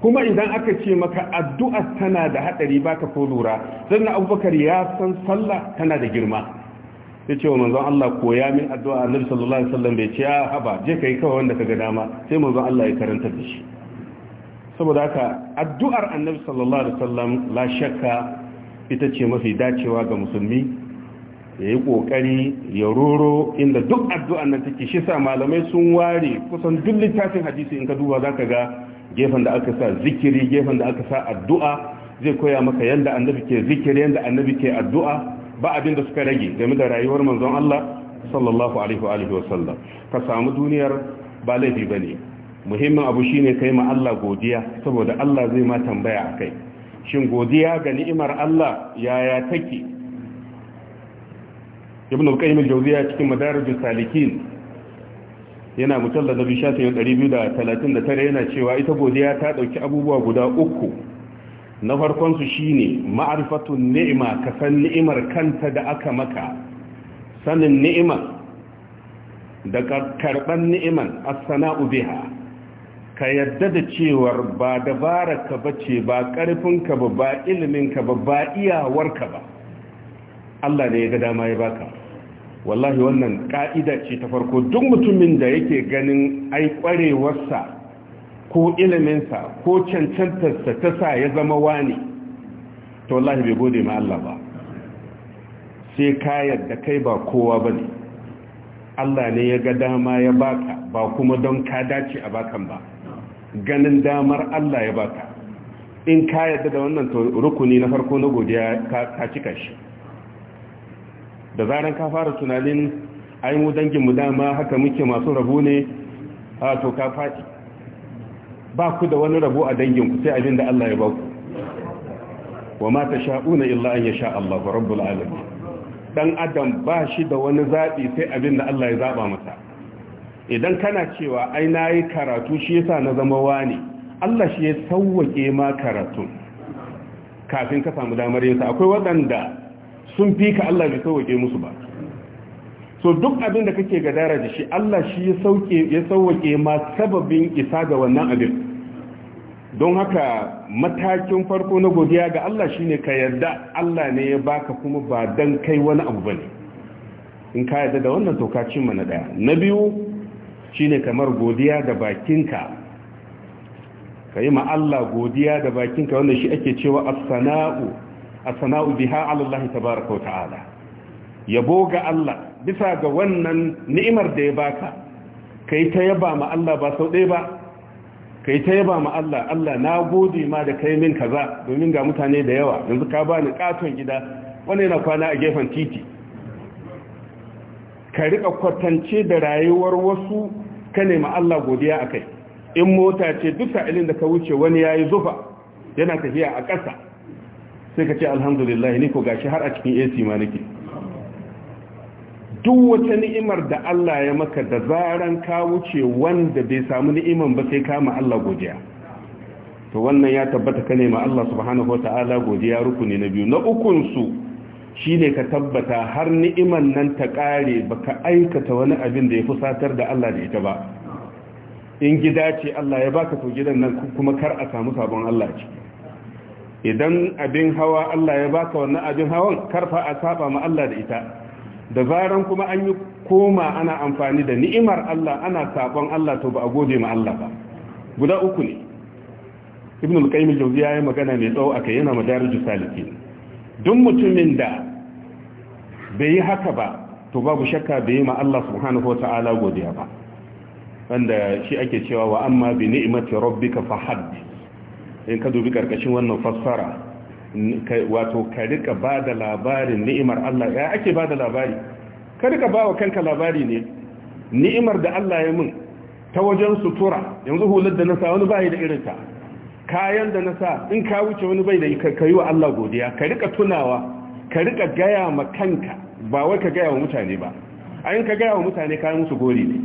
kuma idan aka ce maka addu'ar tana da hadari baka ko lura sannan abubakar ya san sallah tana da girma ya ce wa manzon Allah koya min addu'a annabi sallallahu alaihi wasallam bai ce ya ah, haba je kai kawai wanda kaga dama sai manzon Allah ya karanta da shi saboda haka addu'ar annabi sallallahu alaihi wasallam la shakka ita ce mafi dacewa ga musulmi ya yi kokari ya roro inda duk addu'an nan take shi sa malamai sun ware kusan duk littafin hadisi in ka duba zaka ga gefen da aka sa zikiri gefen da aka sa addu'a zai koya maka yanda annabi ke zikiri yanda annabi ke addu'a ba abin da suka rage game da rayuwar manzon Allah sallallahu alaihi wa alihi wa sallam ka samu duniyar ba laifi bane muhimmin abu shine kai ma Allah godiya saboda Allah zai ma tambaya akai shin godiya ga ni'imar Allah yaya take ibn al-qayyim al-jawziya cikin madarij salikin yana mujallad 1239 yana cewa ita godiya ta dauki abubuwa guda uku na farkon su shine ma'rifatun ni'ima ka san ni'imar kanta da aka maka sanin ni'imar da karban ni'iman as-sana'u ka yadda da cewar ba dabara ba bace, ba ƙarfinka ba ba iliminka ba ba iyawarka ba Allah ne ya ga dama ya baka wallahi wannan ka'ida ce ta farko duk mutumin da yake ganin ai ƙwarewarsa ko iliminsa ko cancantarsa ta sa ya zama wani to wallahi bai gode ma Allah ba sai ka yadda kai ba kowa ba ne Allah ne ya ga dama ya baka ba kuma don ka dace a bakan ba ganin damar Allah ya baka in ka yadda da wannan rukuni na farko na godiya ka cika shi da zaran ka fara tunanin ai mu dangin dama haka muke masu rabu ne a to ka faɗi ba ku da wani rabo a danginku sai abin da Allah ya ba ku wa ma ta sha'una illa an ya sha Allah wa rabbul alamin dan adam ba shi da wani zabi sai abin da Allah ya zaba masa idan kana cewa ai nayi karatu shi yasa na zama wani Allah shi ya sauke ma karatu kafin ka samu damar yin sa akwai waɗanda sun fi ka Allah bai sauke musu ba so duk abin da kake gadara da shi Allah shi ya sauke ya ma sababin isa ga wannan abin don haka matakin farko na godiya ga Allah shine ka yarda Allah ne ya baka kuma ba dan kai wani abu bane in ka yarda da wannan to ka cimma na daya na biyu shine kamar godiya da bakinka kai ma Allah godiya da bakinka wannan shi ake cewa as-sana'u as-sana'u biha 'ala Allah tabaaraka wa ta'ala yabo ga Allah bisa ga wannan ni'imar da ya baka kai ta yaba ma Allah ba sau ɗaya ba kai ta yaba ma Allah Allah na gode ma da kai min kaza domin ga mutane da yawa yanzu ka bani katon gida wanda yana kwana a gefen titi ka rika kwatance da rayuwar wasu ka nema Allah godiya akai in mota ce duk sa'ilin da ka wuce wani yayi zufa yana tafiya a ƙasa sai ka ce alhamdulillah ni ko gashi har a cikin AC ma nake duk wata ni'imar da Allah ya maka da zaran ka wuce wanda bai samu ni'iman ba sai kama Allah godiya to wannan ya tabbata ka nema Allah subhanahu wata'ala godiya rukuni na biyu na ukun su shine ka tabbata har ni'iman nan ta kare baka aikata wani abin da ya fusatar da Allah da ita ba in gida ce Allah ya baka to gidan nan kuma kar a samu sabon Allah ce idan abin hawa Allah ya baka wannan abin hawan karfa a saba ma Allah da ita da zaran kuma an yi koma ana amfani da ni'imar Allah ana sabon Allah to ba a gode ma Allah ba guda uku ne ibn al-qayyim al-jawziya ya magana mai tsawo aka yana madarijus salikin duk mutumin da bai yi haka ba to babu shakka bai yi ma Allah subhanahu wata'ala godiya ba wanda shi ake cewa wa amma bi ni'mati rabbika fahaddi in ka dubi karkashin wannan fassara wato ka rika ba da labarin ni'imar Allah ya ake ba da labari ka rika ba wa kanka labari ne ni'imar da Allah ya mun ta wajen sutura yanzu hular da na wani bai da irinta kayan da nasa in ka wuce wani bai da ka yi wa Allah godiya ka rika tunawa ka rika gaya ma kanka ba wai ka gaya wa mutane ba in ka gaya wa mutane kayan musu gori ne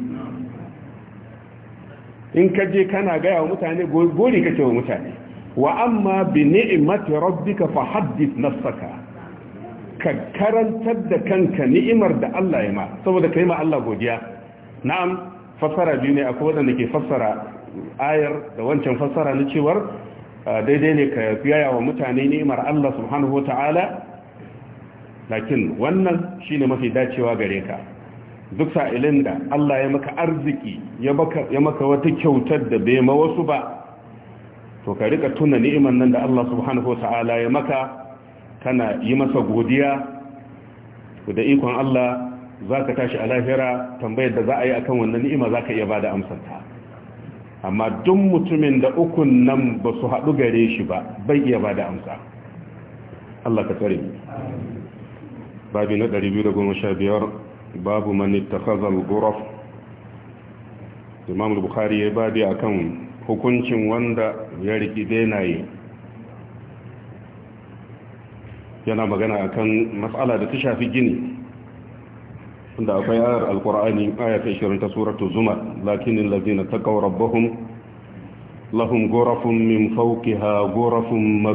in ka je kana gaya wa mutane gori kake wa mutane wa amma bi ni'imati rabbika fa haddith nafsaka ka karantar da kanka ni'imar da Allah ya ma saboda kai ma Allah godiya na'am fassara biyu ne akwai wanda ke fassara ayar da wancan fassara na cewar ah, daidai ne ka yaya wa mutane ni'imar Allah subhanahu wata'ala lakin wannan shine mafi dacewa gare ka duk sa'ilin da Allah ya maka arziki ya maka wata kyautar da bai ma wasu ba to ka rika tuna ni'iman nan da Allah subhanahu ta'ala ya maka kana yi masa godiya da ikon Allah za ka tashi a lahira tambayar da za a yi akan wannan ni'ima za ka iya ba da amsanta amma duk mutumin da ukun nan ba su haɗu gare shi ba bai iya ba da amsa Allah ka tsare babi na 215 babu man ghuraf Imam al-Bukhari ya babi akan hukuncin wanda ya riki benaye yana magana a kan matsala da ta shafi gini da akwai ayar alkur'ani ayata 20 ta suratu zuma lakinin lazina taqaw rabbahum lahun gorafin min fauki ha gorafin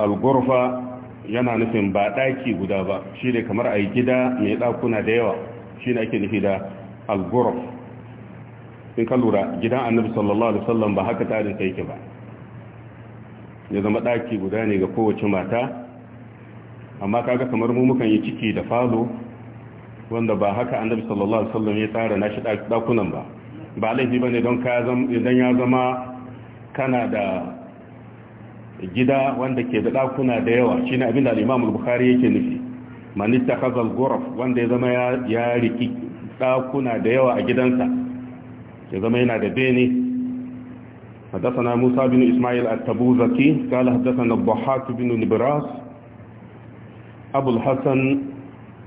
al-ghurfa yana nufin ba ɗaki guda ba ne kamar yi gida mai ɗakuna da yawa shi ne ake nufi da al in ka lura gidan annabi sallallahu alaihi wasallam ba haka tarin sai yake ba ya zama daki guda ne ga kowace mata amma kaga kamar mu mukan yi ciki da falo wanda ba haka annabi sallallahu alaihi wasallam ya tsara shi dakunan ba ba laifi bane don ka idan ya zama kana da gida wanda ke da dakuna da yawa shine abin da al-Imam al-Bukhari yake nufi man ittakhadha al-ghuraf wanda ya zama ya riki dakuna da yawa a gidansa ya zama yana حدثنا موسى بن إسماعيل التبوزكي قال حدثنا الضحاك بن نبراس أبو الحسن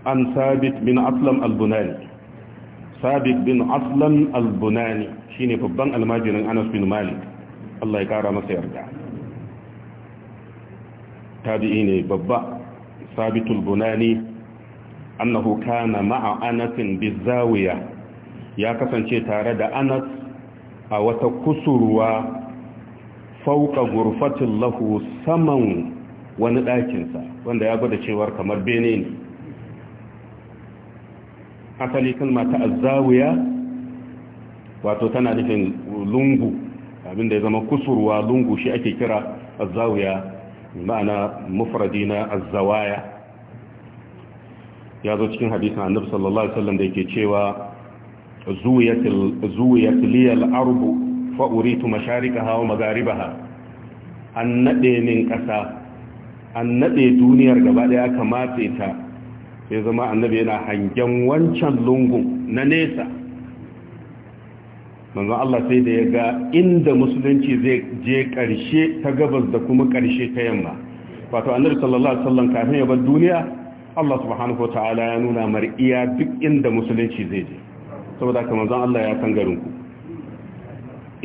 عن ثابت بن أسلم البناني ثابت بن أسلم البناني شيني ببان الماجر أنس بن مالك الله يكارى ما سيرجع تابعيني ببا ثابت البناني أنه كان مع أنس بالزاوية ya kasance tare da anas a wata kusurwa fauka gurfatin lahu saman wani ɗakinsa wanda ya gwada cewar kamar bene ne asali kalma ta azawiya wato tana nufin lungu abinda ya zama kusurwa lungu shi ake kira azawiya ma'ana mufradi na azawaya ya zo cikin hadisin annabi sallallahu alaihi wasallam da yake cewa zuwiyat liyal arbu fa uritu masharikaha wa magaribaha an nade min kasa an nade duniyar gaba daya aka ta sai zama annabi yana hangen wancan lungun na nesa manzon Allah sai da ya ga inda musulunci zai je karshe ta gabas da kuma karshe ta yamma wato annabi sallallahu alaihi wasallam kafin ya bar duniya Allah subhanahu wataala ya nuna mar'iya duk inda musulunci zai je saboda kamar zan Allah ya san garinku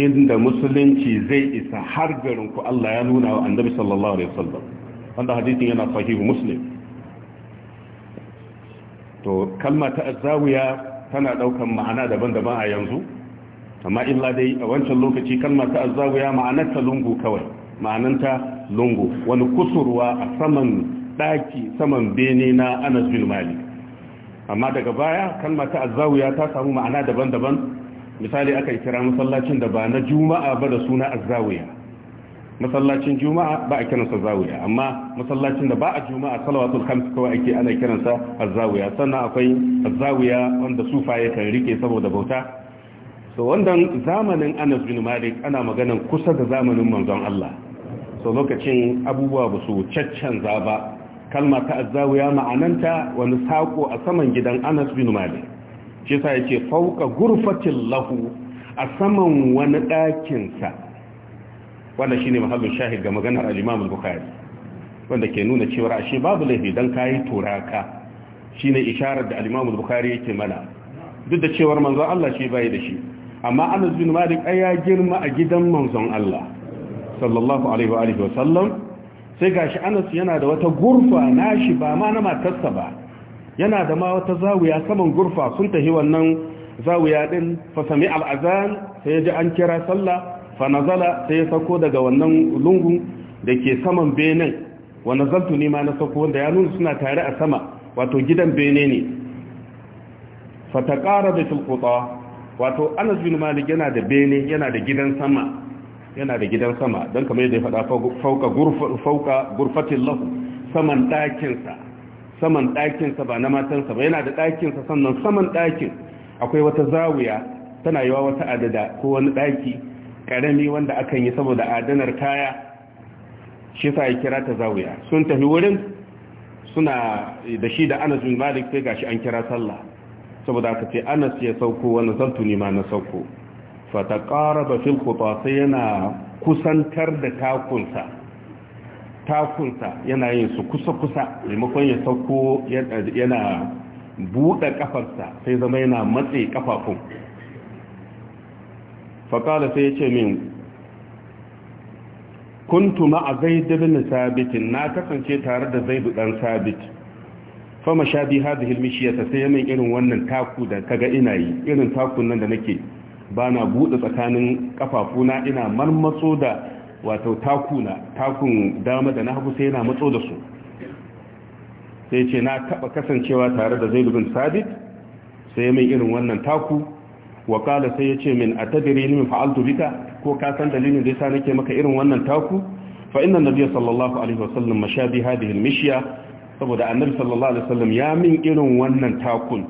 inda musulunci zai isa har garinku Allah ya nuna wa annabi sallallahu alaihi wasallam wanda hadisin yana sahihu muslim to kalma ta azawiya tana daukan ma'ana daban-daban a yanzu amma illa dai a wancan lokaci kalma ta azawiya ma'anarta lungu kawai ma'ananta lungu wani kusurwa a saman daki saman bene na Anas bin Malik amma daga baya kalma ta azzawiya ta samu ma'ana daban-daban misali aka kira masallacin da ba na juma'a ba da suna azawiya masallacin juma'a ba a kiransa zawiya amma masallacin da ba a juma'a salawatul khams kawai ake ana kiransa azawiya sannan akwai azawiya wanda ya kan rike saboda bauta so wannan zamanin Anas bin Malik ana maganan kusa da zamanin manzon Allah so lokacin abubuwa ba su caccanza ba kalma ta azzawiya ma'ananta wani saƙo a saman gidan anas bin malik shi sa ya ce fauka gurfatin lahu a saman wani ɗakinsa wanda shi ne mahallin shahid ga maganar alimamun bukari wanda ke nuna cewar ashe babu laifi don kayi turaka shi ne isharar da alimamun bukari yake mana duk da cewar manzon Allah shi bai da shi amma anas bin malik ai ya girma a gidan manzon Allah sallallahu alaihi wa alihi wa sallam sai gashi anas yana da wata gurfa nashi ba ma na matarsa ba yana da ma wata zawiya saman gurfa sun tahi wannan zawiya din fa sami al'azan sai ya ji an kira sallah fa nazala sai ya sako daga wannan lungun da ke saman benin wa nazaltu ni ma na sako wanda ya nuna suna tare a sama wato gidan bene ne fa taqaraba fil quta wato Anas bin Malik yana da bene yana da gidan sama yana da gidan sama don kamar yadda ya faɗa fauka gurfatin lahu saman ɗakinsa saman ɗakinsa ba na matansa ba yana da ɗakinsa sannan saman ɗakin akwai wata zawiya tana wa wata adada ko wani ɗaki ƙarami wanda akan yi saboda adanar kaya shi sa ya kira ta zawiya sun tafi wurin suna da shi da anas bin malik sai gashi an kira sallah saboda aka ce anas ya sauko wani zartu ne ma na sauko fataqaraba fil khuta sai yana kusantar da takunsa takunsa yana yin su kusa kusa maimakon ya sauko yana buɗe kafarsa sai zama yana matse ƙafafun. faƙala sai ya ce min kuntuma a zaidu bin sabitin na kasance tare da zaidu ɗan sabit fama sha biyu hadu hilmishiyata sai yamin irin wannan taku da kaga ina yi irin takun nan da nake ba na buɗe tsakanin kafafuna ina marmatso da wato takuna takun dama da na hagu sai yana matso da su sai ce na taɓa kasancewa tare da zaidu bin sabit sai mai irin wannan taku wakala sai ya ce min a tadiri ni min fa'altu bika ko ka san dalilin da yasa nake maka irin wannan taku fa inna nabiyya sallallahu alaihi wasallam mashabi hadhihi almishya saboda annabi sallallahu alaihi wasallam ya min irin wannan takun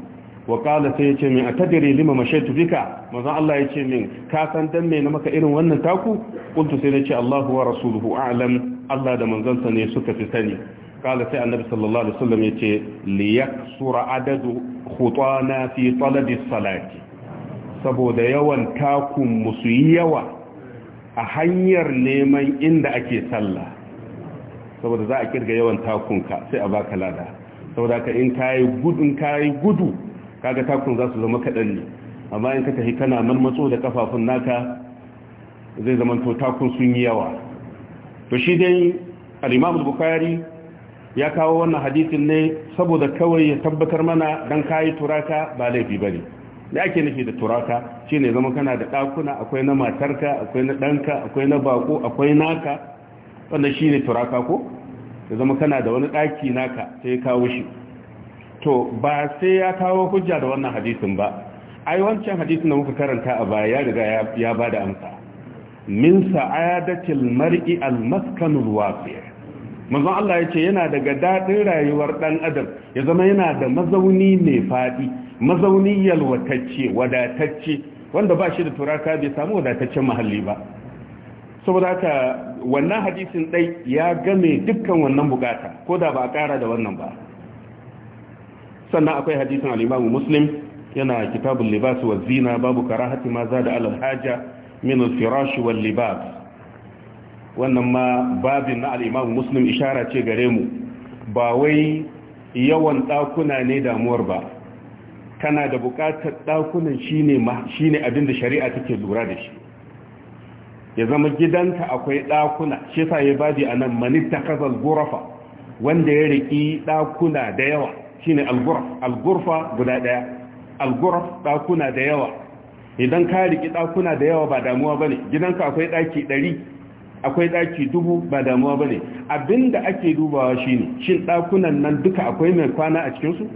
waƙala sai yace min atadri lima mashaitu bika manzo Allah yace min ka san dan mai na maka irin wannan taku kuntu sai ce Allahu wa rasuluhu a'lam Allah da manzansa ne suka fi sani kala sai annabi sallallahu alaihi wasallam yace liyak sura adadu khutana fi talabi salati saboda yawan takun musu yawa a hanyar neman inda ake sallah saboda za a kirga yawan takunka sai a baka lada saboda ka in kayi gudu in kayi gudu kaga takun za su zama kaɗan ne amma in ka tafi kana nan matso da kafafun naka zai zama to takun sun yi yawa to shi dai al-imam bukhari ya kawo wannan hadisin ne saboda kawai ya tabbatar mana dan kai turaka ba laifi bane da ake nufi da turaka shine zama kana da dakuna akwai na matarka akwai na danka akwai na bako akwai naka wannan shine turaka ko ya zama kana da wani daki naka sai ya kawo shi to ba sai ya kawo hujja da wannan hadisin ba ai wancan hadisin da muka karanta a baya ya riga ya bada amsa min sa'adatil mar'i al-maskanul wafi' manzon Allah yace yana daga dadin rayuwar dan adam ya zama yana da mazauni mai fadi mazauni yalwatacce wadatacce wanda ba shi da turaka bai samu wadataccen muhalli ba saboda haka wannan hadisin dai ya game dukkan wannan bukata ko da ba a kara da wannan ba sannan akwai hadisin al Muslim yana kitabun libas wa zina babu karahati ma zada da haja min wa libas wannan ma babin na alimam Muslim ishara ce gare mu ba wai yawan ɗakuna ne damuwar ba kana da bukatar dakunan shine ne abin da shari'a take lura da shi ya zama gidanka akwai dakuna shi sa ya babi anan manittaqazal gurafa wanda ya riki ɗakuna da yawa shine al-ghurf al guda daya al-ghurf dakuna da yawa idan ka riki dakuna da yawa ba damuwa bane gidanka akwai daki 100 akwai daki dubu ba damuwa bane abinda ake dubawa shine shin dakunan nan duka akwai mai kwana a cikin su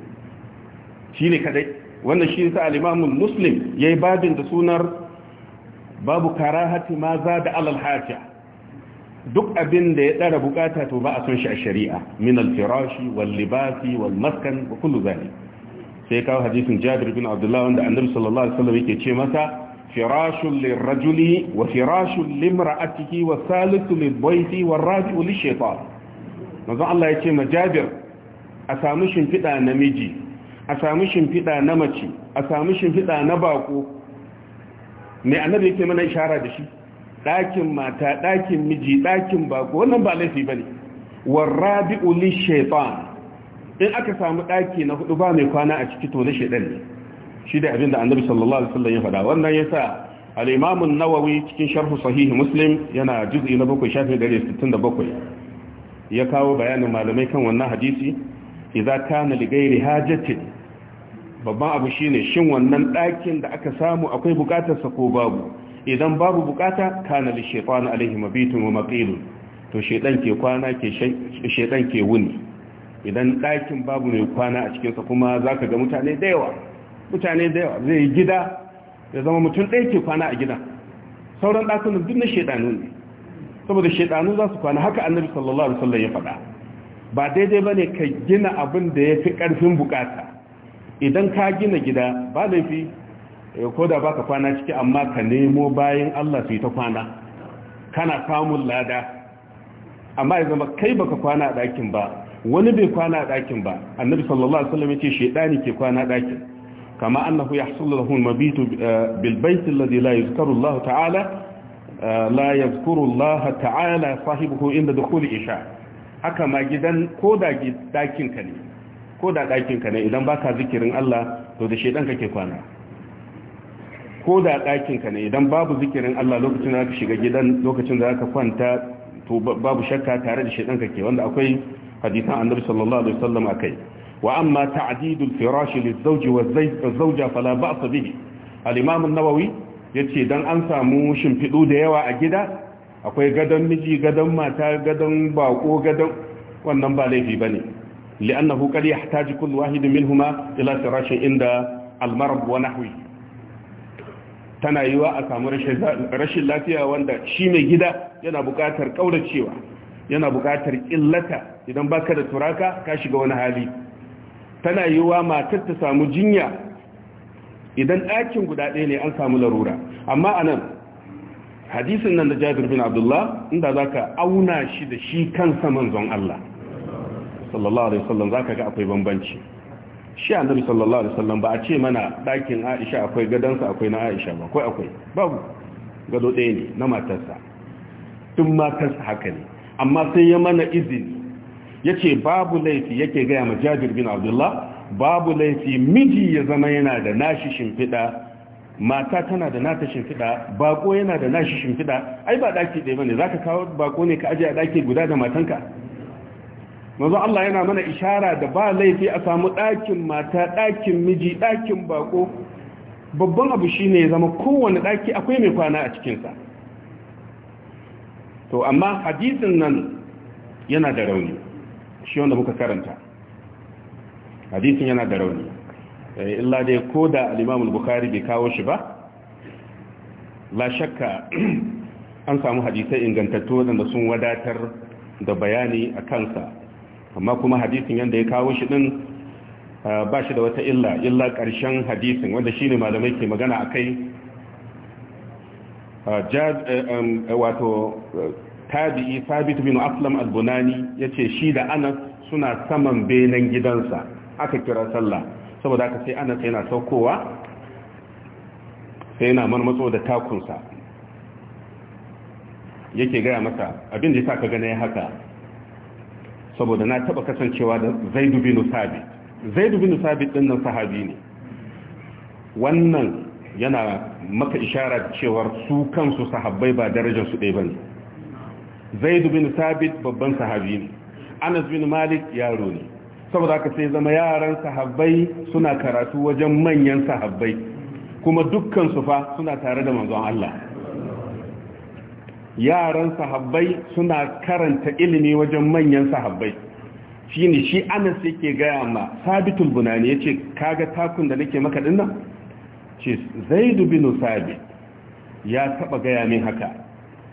shine kadai wannan shi sa al-Imam Muslim yayi babin da sunar babu karahati ma za da alal haja duk abin da ya tsara bukata to ba a son shi a shari'a min al-firashi wal libasi wal maskan wa kullu zalik sai kawo hadisin Jabir bin Abdullah wanda Annabi sallallahu alaihi wasallam yake ce masa firashul lirrajuli wa firashul limra'atihi wa salisu lilbayti wa rabi'u lishaytan manzo Allah ya ce ma Jabir a samu shimfida namiji a samu shimfida na mace a samu shimfida na bako me annabi yake mana ishara da shi ɗakin mata ɗakin miji ɗakin bako wannan ba laifi ba ne uli lishaitan in aka samu ɗaki na hudu ba mai kwana a ciki to na ne shi da abinda annabi sallallahu alaihi wasallam ya faɗa wannan yasa al-imam nawawi cikin sharh sahih muslim yana juz'i na 7 shafi 167 ya kawo bayanin malamai kan wannan hadisi idza kana li ghairi hajatin babban abu shine shin wannan ɗakin da aka samu akwai bukatar sa ko babu idan babu bukata kana li shaytan alaihi mabitun wa maqilun to shaytan ke kwana ke shaytan ke wuni idan ɗakin babu mai kwana a cikinsa kuma zaka ga mutane da yawa mutane da yawa zai gida ya zama mutum ɗaya ke kwana a gida sauran ɗakunan duk na shaytanu ne saboda shaytanu za su kwana haka annabi sallallahu alaihi wasallam ya faɗa ba daidai bane ka gina abin da ya fi ƙarfin bukata idan ka gina gida ba laifi Eh, koda da baka kwana ciki amma ka nemo bayan Allah su yi ta kwana kana samun lada amma ya zama kai baka kwana a ɗakin ba wani bai kwana a ɗakin ba annabi sallallahu alaihi wasallam yace shedani ke kwana a ɗakin kama annahu yahsulu lahu mabitu eh, bil bayt alladhi la yuzkaru Allah ta'ala eh, la yuzkuru Allah ta'ala sahibihi inda dukhul isha haka ma gidan ko da ɗakin ka ne ko ɗakin ka ne idan baka zikirin Allah to da shedan kake kwana ko da ɗakinka ne idan babu zikirin Allah lokacin da ka shiga gidan lokacin da ka kwanta to babu shakka tare da shedan kake wanda akwai hadisan annabi sallallahu alaihi wasallam akai wa amma ta'didu al-firash liz-zawj wa az fala ba'sa bihi al-imam an-nawawi yace dan an samu shimfidu da yawa a gida akwai gadon miji gadon mata gadon bako gadon wannan ba laifi bane li'annahu qad yahtaji kullu wahidin huma ila firashin inda al-marad wa nahwihi tana yiwa a samu rashin lafiya wanda shi mai gida yana buƙatar ƙauracewa yana buƙatar illata idan baka da turaka ka shiga wani hali tana yiwa matar ta samu jinya idan ɗakin guda ɗaya ne an samu larura amma anan hadisin nan da jabir bin abdullah inda zaka auna shi da shi kansa manzon Allah sallallahu alaihi wasallam zaka ga akwai bambanci shi annabi sallallahu alaihi wasallam ba a ce mana ɗakin Aisha akwai gadansa akwai na Aisha ba akwai akwai babu gado ɗaya ne na matarsa tun matarsa haka ne amma sai ya mana izini yace babu laifi yake gaya ma Jabir bin Abdullah babu laifi miji ya zama yana da nashi shimfiɗa mata tana da nata shimfiɗa bako yana da nashi shimfiɗa ai ba daki ɗaya bane zaka kawo bako ne ka aje a daki guda da matanka manzo Allah yana mana ishara da ba laifi a samu ɗakin mata ɗakin miji ɗakin bako babban abu shi ya zama kowane ɗaki akwai mai kwana a cikinsa to amma hadisin nan yana da rauni shi wanda muka karanta hadisin yana da rauni eh, illa dai ko da al bukhari bai kawo shi ba la shakka an samu hadisai ingantattu waɗanda sun wadatar da bayani a kansa amma kuma hadisin yadda ya kawo shi din ah, ba shi da wata illa illa karshen hadisin wanda shine malamai ke magana a kai ah, eh, eh, wato tabi'i sabit bin aslam al-bunani yace shi da anas suna saman benen gidansa aka kira sallah saboda aka sai anas yana saukowa sai yana marmatso da takunsa yake gaya masa abin da ya sa ka gane haka saboda na taba kasancewa da zaidu bin sabit zaidu bin sabit din nan sahabi ne wannan yana maka ishara cewar su kansu sahabbai ba darajar su ɗaya bane zaidu bin sabit babban sahabi ne anas bin malik yaro ne saboda haka sai zama yaran sahabbai suna karatu wajen manyan sahabbai kuma dukkan su fa suna tare da manzon Allah yaran sahabbai suna karanta ilimi wajen manyan sahabbai shi ne shi anas yake gaya ma sabitul bunani ya ce kaga takun da nake maka dinnan ce zaidu bin sabit ya taba gaya min haka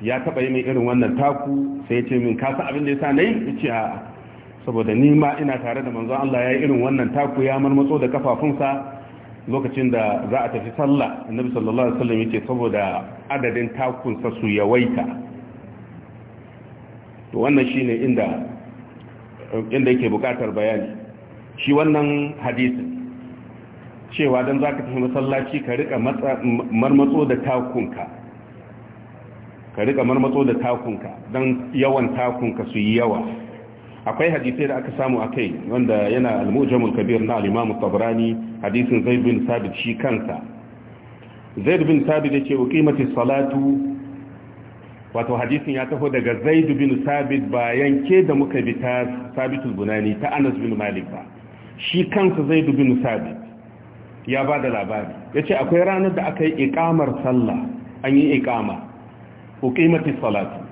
ya taba yi min irin wannan taku sai ce min kasa abin da ya sa na yi ya ce saboda ni ma ina tare da manzon Allah ya yi irin wannan taku ya marmatso da kafafunsa lokacin da za a tafi sallah annabi sallallahu alaihi wasallam yake saboda adadin takunsa su yawaita to wannan shine inda inda yake bukatar bayani shi wannan hadisin cewa dan zaka tafi masallaci ka rika marmatso da takunka ka rika marmatso da takunka dan yawan takunka su yi yawa akwai hadisai da aka samu akai wanda yana al-mujamul kabir na al-imam tabrani hadisin zaid bin sabit shi kansa zaid bin sabit ya ce yace uqimati salatu wato hadisin ya taho daga zaid bin sabit ba yanke da muka bi ta sabitul bunani ta anas bin malik ba shi kansa zaid bin sabit ya ba da labari ya ce akwai ranar da aka yi ikamar sallah an yi ikama iqama uqimati salatu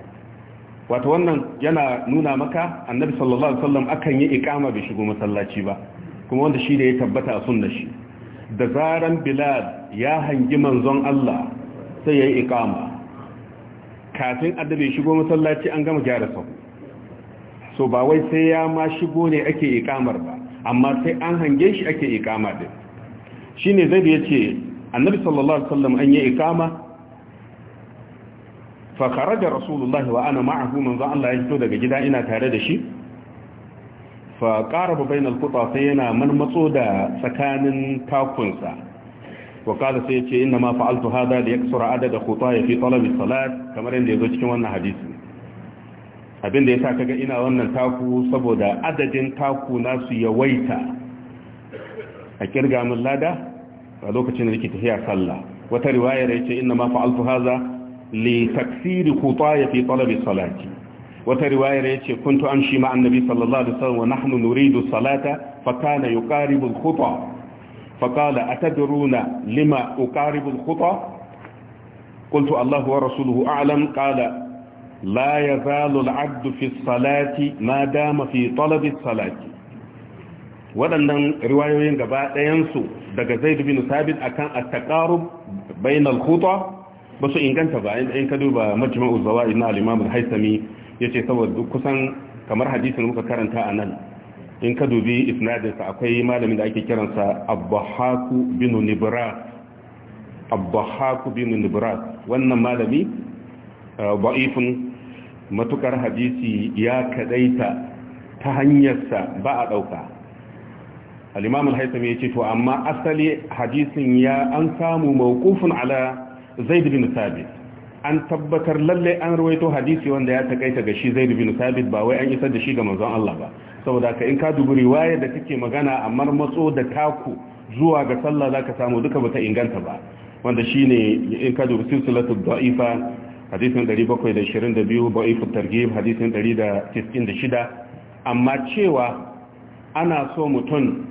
wato wannan yana nuna maka annabi sallallahu alaihi wasallam akan yi ikama bai shigo masallaci ba kuma wanda shi ne ya tabbata a sunna shi da zaran bilal ya hangi manzon Allah sai ya yi ikama kafin addabe shigo masallaci an gama gyara sau so ba wai sai ya ma shigo ne ake ikamar ba amma sai an hange shi ake ikama din ne zai ya ce annabi sallallahu alaihi sallam an yi ikama fa da rasulullahi wa ana ma'ahu manzo Allah ya fito daga gida ina tare da shi fa qaraba na quta sai yana manmatso da tsakanin takunsa wa qala sai yace inna ma fa'altu hada li yaksura adada ya fi talabi salat kamar yadda zo cikin wannan hadisi abinda yasa kaga ina wannan taku saboda adadin taku nasu yawaita a kirga min lada a lokacin da nake tafiya sallah wata riwayar ce inna ma fa'altu hadha li taksiri ya fi talabi salati wata riwayar yace kuntu amshi ma annabi sallallahu alaihi wasallam wa nahnu nuridu salata fa kana yuqaribu al-khuta fa qala atadruna lima uqaribu al-khuta qultu Allahu wa rasuluhu a'lam qala لا يزال العبد في الصلاة ما دام في طلب الصلاة waɗannan riwayoyin gaba ɗayansu daga zai bin sabit akan at-taqarub bainal khuta ba su inganta ba in ka duba majma'u zawaid na al-imam al-haythami ya ce saboda duk kusan kamar hadisin muka karanta a nan in ka dubi isnadinsa akwai malamin da ake kiransa abbahaku binu nibras abbahaku binu nibras wannan malami ba'ifin eh, matukar hadisi ya kadaita ta hanyarsa ba a ɗauka imam al-haisam ya ce to amma asali hadisin ya an samu mawqufun ala zaid bin thabit an tabbatar lalle an ruwaito hadisi wanda ya takaita ga shi zai bin sabit ba wai an isar da shi ga manzon Allah ba saboda ka in ka dubi riwaya da take magana a marmatso da taku zuwa ga sallah zaka samu duka bata inganta ba wanda shine in ka dubi silsilatu da'ifa hadisin 722 ba'ifu targhib hadisin 196 amma cewa ana so mutum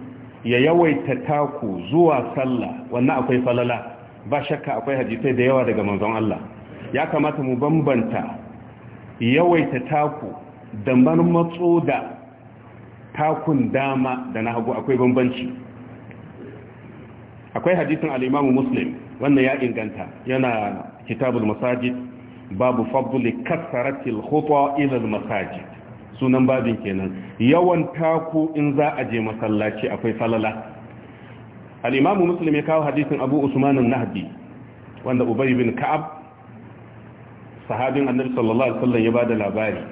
ya yawaita taku zuwa sallah wannan akwai falala ba shakka akwai hadisai da yawa daga manzon Allah ya kamata mu bambanta yawaita taku da marmatso da takun dama da na hagu akwai bambanci akwai hadisin al'imamu muslim wannan ya inganta yana kitabul masajid babu fadli kasaratil khutwa ila masajid sunan babin kenan yawan taku in za a je masallaci akwai falala al’imamu muslim ya kawo hadisin abu usman nahdi wanda ubay bin ka'ab sahabin annabi sallallahu alaihi wasallam ya ba da labari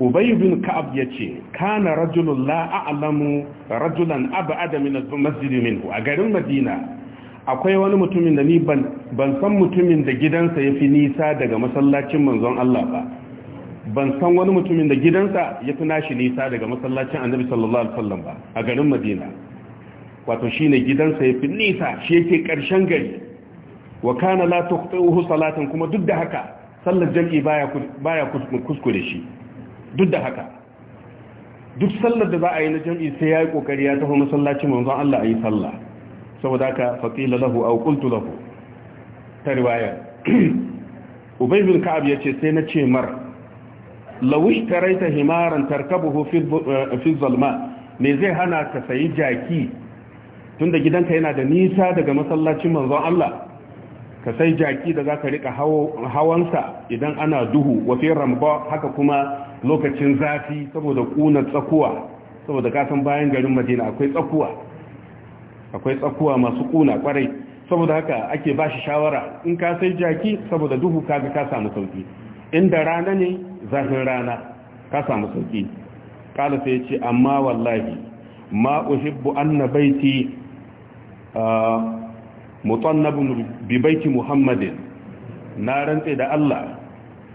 ubay bin ka'ab yace kana rajulun la a'lamu rajulan ab'ada min al-masjid minhu a garin madina akwai wani mutumin da ni ban ban san mutumin da gidansa yafi nisa daga masallacin manzon Allah ba ban san wani mutumin da gidansa yafi nashi nisa daga masallacin annabi sallallahu alaihi wasallam ba a garin madina wato shine gidansa yafi nisa shi yake karshen gari wa kana la tuqtuhu salatan kuma duk da haka sallar jami'i baya baya kuskure shi duk da haka duk sallar da za a yi na jami'i sai yayi kokari ya tafi masallacin manzon Allah ayi sallah saboda haka faqila lahu aw qultu lahu ta riwaya ubay bin ka'ab yace sai na ce mar law ishtaraita himaran tarkabuhu fi eh, fi zalma me zai hana ka sayi jaki tunda gidanka yana da nisa daga masallacin manzon Allah ka sai jaki da za ka rika hawansa idan ana duhu wafi ramba haka kuma lokacin zafi saboda kuna tsakuwa saboda kasan bayan garin madina akwai tsakuwa akwai tsakuwa masu kuna kwarai saboda haka ake ba shi shawara in ka sai jaki saboda duhu kaga ka samu sauki inda rana ne zafin rana ka samu sauki kala sai ce amma wallahi ma uhibbu anna baiti ah, mutannabun bi baiti muhammadin na rantse da Allah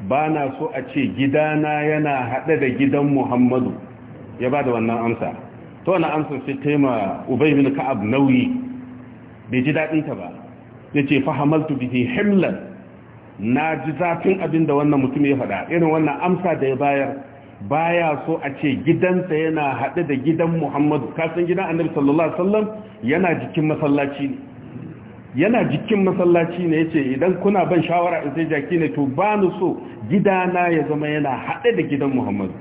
ba na so a ce gidana yana haɗe da gidan muhammadu ya ba da wannan amsa to wannan amsa sai taima ma ubai bin ka'ab nauyi bai ji daɗinta ba ya ce fahimaltu bihi himlan na ji zafin abin da wannan mutum ya faɗa irin wannan amsa da ya bayar baya so a ce gidansa yana haɗe da gidan muhammadu kasan gidan annabi sallallahu alaihi wasallam yana jikin masallaci ne yana jikin masallaci ne yace idan kuna ban shawara in sai jaki ne to ba ni so gidana ya zama yana haɗe da gidan Muhammadu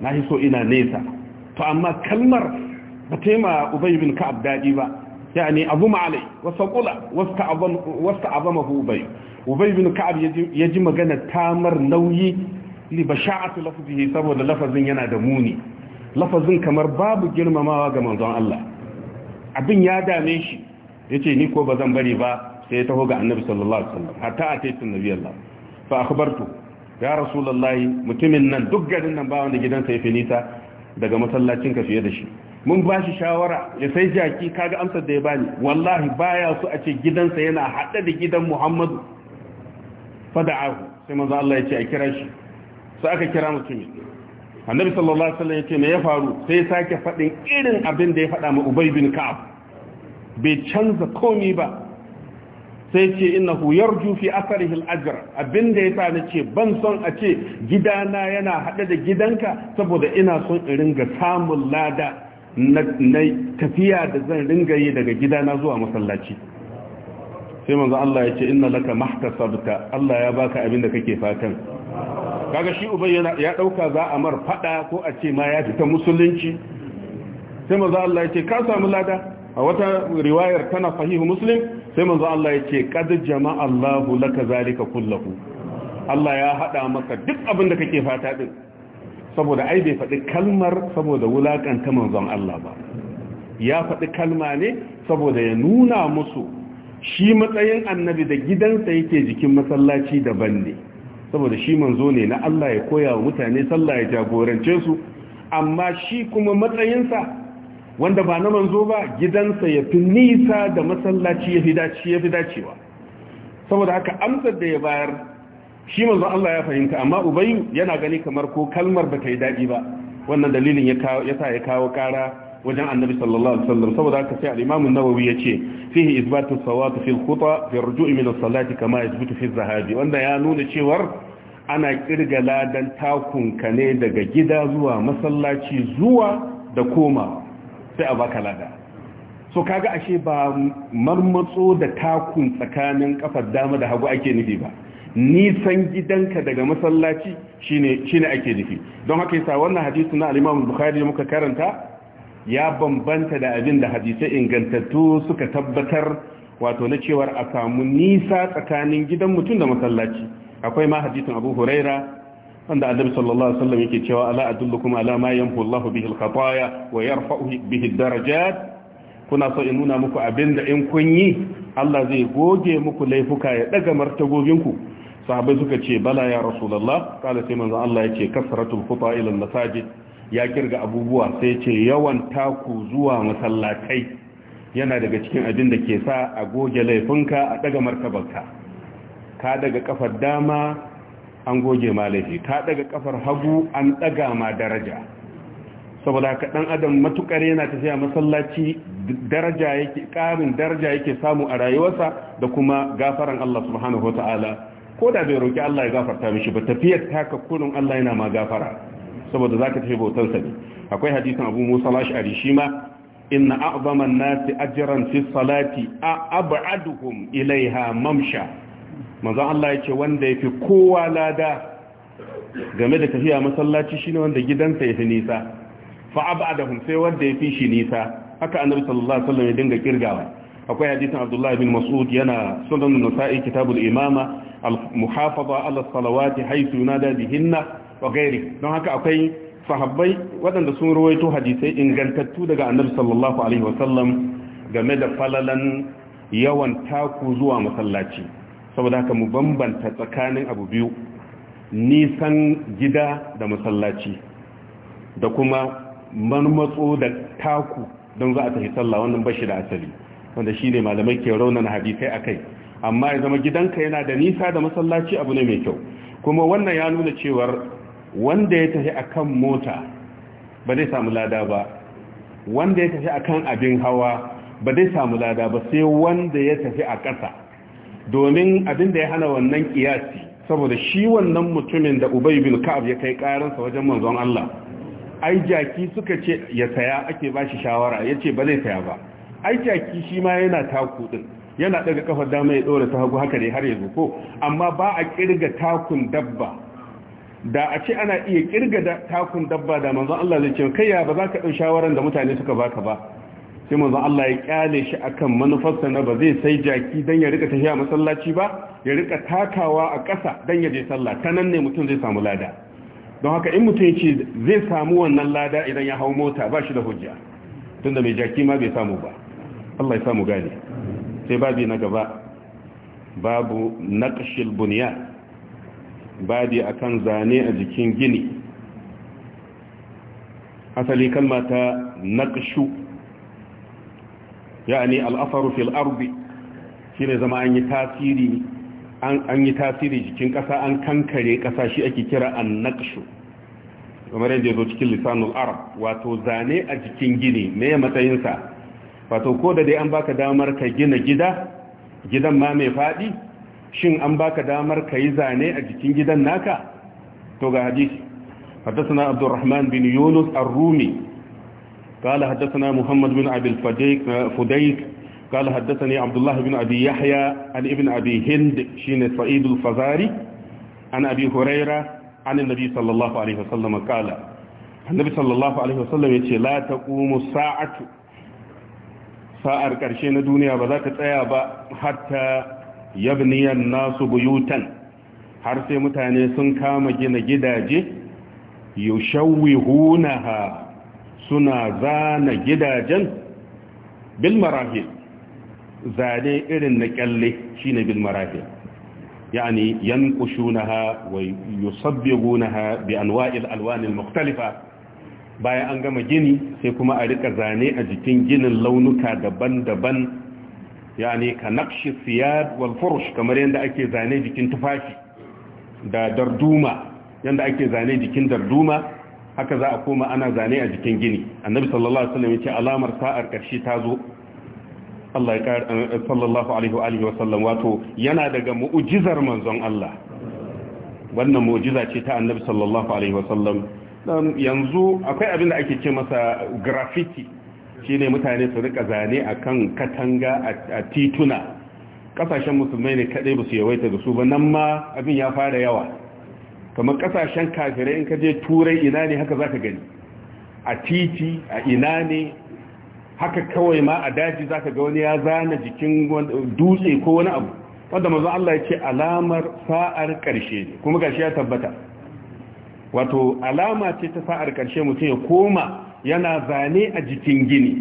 na hiso so ina nesa to amma kalmar ba ta yi ma Ubay bin Ka'ab dadi ba yani abu ma'alai wasu kula wasu Ubay Ubay bin Ka'ab ya ji magana tamar nauyi li basha'atu lafzihi saboda lafazin yana da muni lafazin kamar babu girmamawa ga manzon Allah abin ya dame shi Ya ce ni ko bazan bari ba sai ya taho ga annabi sallallahu alaihi wasallam hatta ataitu nabi Allah fa akhbartu ya rasulullahi mutumin nan duk garin nan ba wanda gidansa ya fi nisa daga masallacin ka fiye da shi mun ba shi shawara ya sai jaki kaga amsar da ya bani wallahi baya su a ce gidansa yana hada da gidan Muhammadu fada'ahu sai manzo Allah ya ce a kira shi sai aka kira mutumin annabi sallallahu alaihi wasallam ya ce me ya faru sai sake fadin irin abin da ya fada ma Ubay bin Ka'ab bai canza komi ba sai ce huyar jufi fi asarihi al ajiyar abinda yasa ce ban son a ce gidana yana hada da gidanka saboda ina son in ringa samun lada na tafiya da zan ringa yi daga gidana zuwa masallaci sai manzo Allah ya ce ina laka mahtasabta Allah ya baka abinda kake fatan kaga shi ubai ya dauka za a mar fada ko a ce ma ya fita musulunci sai manzo Allah ya ce ka samu lada a wata riwayar tana sahihu muslim sai manzo Allah ya ce qad jama'a Allahu laka zalika kullahu Allah ya hada maka duk abin da kake fata din saboda ai bai faɗi kalmar saboda wulakanta manzon Allah ba ya faɗi kalma ne saboda ya nuna musu shi matsayin annabi da gidansa yake jikin masallaci daban ne saboda shi manzo ne na Allah ya koya wa mutane sallah ya jagorance su amma shi kuma matsayinsa wanda ba na manzo ba gidansa ya fi nisa da masallaci ya fi dacewa saboda haka amsar da ya bayar shi manzo Allah ya fahimta amma ubayu yana gani kamar ko kalmar ba ta yi daɗi ba wannan dalilin ya sa ya kawo ƙara wajen annabi sallallahu alaihi wasallam saboda haka sai al-imam an-nawawi ce fihi isbatu sawati fil khuta fi rujui min as-salati kama yathbutu fi az-zahabi wanda ya nuna cewar ana kirga ladan ka ne daga gida zuwa masallaci zuwa da komawa sai a baka lada so kaga ashe ba marmatso da takun tsakanin kafar dama da hagu ake nufi ba nisan gidanka daga masallaci shine ake nufi don haka yasa wannan hadisi na al-Imam Bukhari muka karanta ya bambanta da abin da hadisai ingantattu suka tabbatar wato na cewar a samu nisa tsakanin gidan mutum da masallaci akwai ma hadisin Abu Huraira wanda annabi sallallahu alaihi wasallam yake cewa ala adullukum ala ma yanfu Allahu bihi al wa yarfa'u bihi ad-darajat kuna so in nuna muku abinda in kun yi Allah zai goge muku laifuka ya daga martagobin ku sahabbai suka ce bala ya rasulullah kala sai manzon Allah yake kasratul khuta ila al-masajid ya kirga abubuwa sai ce yawan taku zuwa masallatai yana daga cikin abin da ke sa a goge laifinka a daga martabarka ka daga kafar dama an goge ma laifi ka daga kafar hagu an daga ma daraja saboda haka dan adam matukar yana tafiya masallaci daraja yake karin daraja yake samu a rayuwarsa da kuma gafaran Allah subhanahu wataala ko da bai roki Allah ya gafarta mishi ba tafiyar taka kullun Allah yana ma gafara saboda zaka tafi bautar sa ne akwai hadisin Abu Musa al-Ash'ari shi ma inna a'zama an-nasi ajran fi salati a'abaduhum ilaiha mamsha manzo Allah ya ce wanda yafi kowa lada game da tafiya masallaci shine wanda gidansa yafi nisa fa abadahum sai wanda yafi shi nisa haka annabi sallallahu alaihi wasallam ya dinga kirgawa akwai hadisin Abdullah ibn Mas'ud yana sunan Nasa'i kitabul imama al-muhafaza ala salawati haythu yunada bihinna wa ghairi don haka akwai sahabbai waɗanda sun rawaito hadisai ingantattu daga annabi sallallahu alaihi wasallam game da falalan yawan taku zuwa masallaci saboda haka mu bambanta tsakanin abu biyu nisan gida da masallaci da kuma marmatso da taku don za a tafi sallah wannan bashi da asali wanda shi ne malamai ke raunan hadisai a kai amma ya zama gidanka yana da nisa da masallaci abu ne mai kyau kuma wannan ya nuna cewar wanda ya tafi akan mota ba zai samu lada ba wanda ya tafi akan abin hawa ba zai samu lada ba sai wanda ya tafi a ƙasa domin abin da ya hana wannan kiyasi saboda shi wannan mutumin da Ubay bin Ka'ab ya kai karansa wajen manzon Allah ai jaki suka ce ya saya ake bashi shawara yace ba zai saya ba ai jaki shi ma yana taku din yana daga kafar dama ya dora ta hagu haka ne har yanzu ko amma ba a kirga takun dabba da a ce ana iya kirga takun dabba da manzon Allah zai ce kai ya ba za ka dau shawaran da mutane suka baka ba sai manzon Allah ya kyale shi akan manufarsa na ba zai sai jaki dan ya rika tafiya masallaci ba ya rika takawa a ƙasa dan ya je sallah ta nan ne mutum zai samu lada don haka in mutum ce zai samu wannan lada idan ya hau mota ba shi da hujja tunda mai jaki ma bai samu ba Allah ya samu gane sai babi na gaba babu naqshil bunya babi akan zane a jikin gini asali kalma ta naqshu yani al'afaru fil shi ne zama an yi tasiri an yi tasiri jikin ƙasa an kankare ƙasa shi ake kira annaqshu kamar yadda zo cikin lisanul arab wato zane a jikin gini me ya matsayinsa wato ko da dai an baka damar ka gina gida gidan ma mai faɗi shin an baka damar ka yi zane a jikin gidan naka to ga hadisi حدثنا Abdulrahman bin Yunus يونس Rumi. قال حدثنا محمد بن أبي الفديك قال حدثني عبد الله بن أبي يحيى عن ابن أبي هند شين سعيد الفزاري عن أبي هريرة عن النبي صلى الله عليه وسلم قال النبي صلى الله عليه وسلم يقول لا تقوم الساعة ساعة كرشين دنيا بذاك تأيب حتى يبني الناس بيوتا har sai mutane sun kama gina gidaje yushawwihunaha suna zana gidajen bil zane irin na kyalle shine bil marahil yani yanqushunaha wa yusabbihunaha bi anwa'il alwanil mukhtalifa bayan an gama gini sai kuma a rika zane a jikin ginin launuka daban-daban yani ka naqshi siyar wal furush kamar yadda ake zane jikin tufafi da darduma yadda ake zane jikin darduma haka za a koma ana zane a jikin gini annabi sallallahu alaihi wasallam yace alamar sa'ar karshe ta zo Allah ya kar eh, sallallahu alaihi wa alihi wasallam wato yana daga mu'jizar manzon Allah wannan mu'jiza ce ta annabi sallallahu alaihi wasallam yanzu akwai abin da ake ce masa graffiti shine mutane su rika zane akan katanga a tituna kasashen musulmai ne kadai ba su yawaita da su ba nan ma abin ya fara yawa kamar kasashen kafirai in ka je turai ina ne haka za ka gani a titi a ina ne haka kawai ma a daji za ka ga wani ya zana jikin dutse ko wani abu wanda mazan Allah ya ce alamar sa'ar ƙarshe ne kuma ƙarshe ya tabbata wato alama ce ta sa'ar ƙarshe mutum ya koma yana zane a jikin gini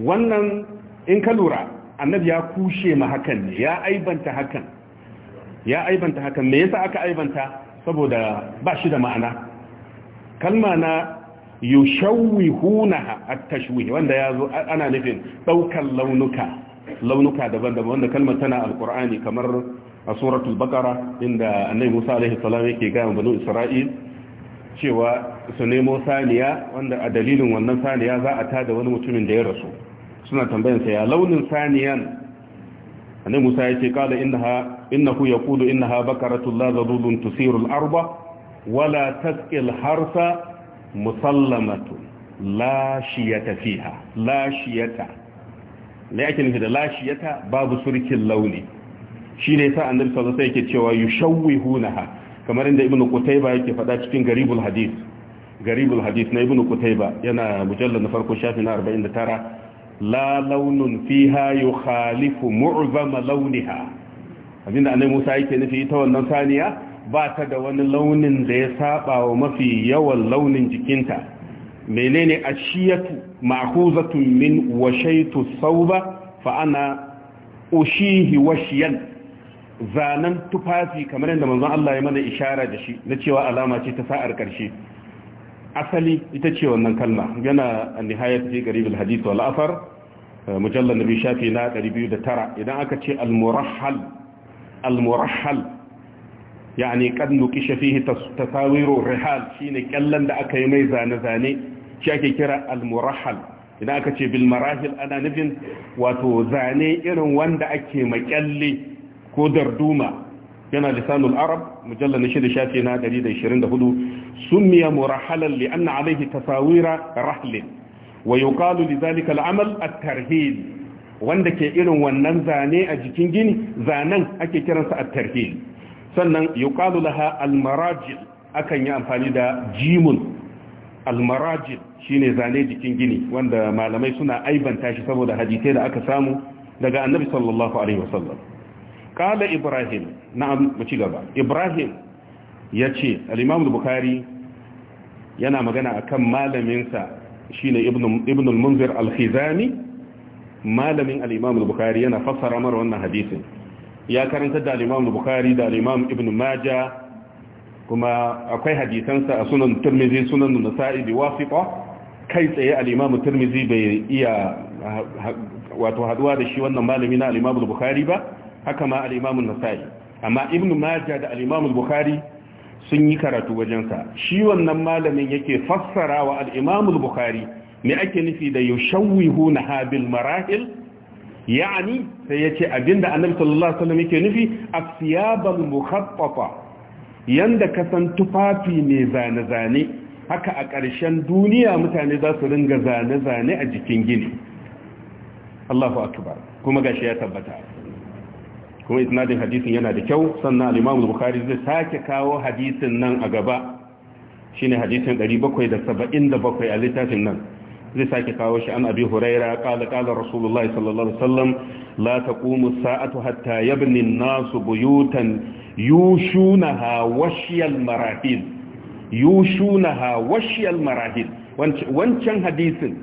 wannan in ka lura annabi ya kushe ma hakan ne ya aibanta hakan ya aibanta hakan me yasa aka aibanta saboda ba shi da ma'ana kalma na huna at-tashwih wanda ya zo ana nufin daukan launuka launuka daban-daban wanda kalmar tana alkur'ani kamar a suratul bakara inda annabi Musa alaihi salam yake ga banu Isra'il cewa su nemo saniya wanda a dalilin wannan saniya za a tada wani mutumin da ya rasu suna tambayar sa ya launin saniyan annabi Musa ya ce kala innaha innahu yaqulu innaha baqaratun la zadulun arba wala tasqi harsa musallamatu la shiyata fiha la shiyata me ake nufi da la shiyata babu surkin launi shi ne sa annabi sallallahu alaihi wasallam yake cewa yushawwihunaha kamar inda ibnu qutayba yake faɗa cikin garibul hadith garibul hadith na ibnu qutayba yana mujallar na farko shafi na 49 لا لون fiha يخالف معظم لونها abinda annabi Musa yake nufi ta wannan saniya ba ta da wani launin da ya saba wa mafi yawan launin jikinta menene ashiyatu ma'khuzatun min washaytu sauba fa ana ushihi washiyan zanan tufafi kamar yadda manzon Allah ya mana ishara da shi na cewa alama ce ta sa'ar karshe asali ita ce wannan kalma yana a nihayat fi garibul hadith wal afar eh, mujallal nabi shafi na 209 idan aka ce al murahhal al murahhal yani kad nukisha fihi tasawiru rihal shine kallan da aka yi mai zane zane shi ake kira al murahhal idan aka ce bil marahil ana nufin wato zane irin wanda ake makalle ko darduma yana lisanul arab mujallal na da shafi na 124 سمي مرحلا لأن عليه تصاوير رحل ويقال لذلك العمل الترهيل wanda ke irin wannan zane a jikin gini zanen ake kiransa a sannan yuqalu laha al-marajil akan yi amfani da jimun al-marajil shine zane jikin gini wanda malamai suna aibanta shi saboda hadisai da aka samu daga annabi sallallahu alaihi wasallam qala ibrahim na'am ci gaba ibrahim ya ce al'imamu bukari yana magana a kan malaminsa shi ne ibn munzir al malamin al'imamu bukari yana fassara mara wannan hadisin ya karanta da al'imamu bukari da al'imamu ibn maja kuma akwai hadisansa a sunan turmizi sunan nasa'i da wasiƙa kai tsaye al'imamu turmizi bai iya wato haduwa da shi wannan malami na al'imamu bukari ba haka ma al'imamu nasa'i amma ibn maja da al'imamu bukari sun yi karatu wajensa shi wannan malamin yake fassara wa al'imamul bukhari ne ake nufi da yushawwihu na habil marahil ya'ani sai ya ce abinda annabi sallallahu yake nufi asiyabal muhabbafa yanda ka san tufafi ne zane-zane haka a ƙarshen duniya mutane za su ringa zane-zane a jikin gini Allahu akbar kuma gashi ya tabbata kuma isnadin hadisin yana da kyau sannan al-Imam Bukhari zai sake kawo hadisin nan a gaba shine hadisin 777 a littafin nan zai sake kawo shi an abi huraira qala qala rasulullahi sallallahu alaihi wasallam la taqumu sa'atu hatta yabni an-nasu buyutan yushunaha washiyal marahil yushunaha washiyal marahil wancan hadisin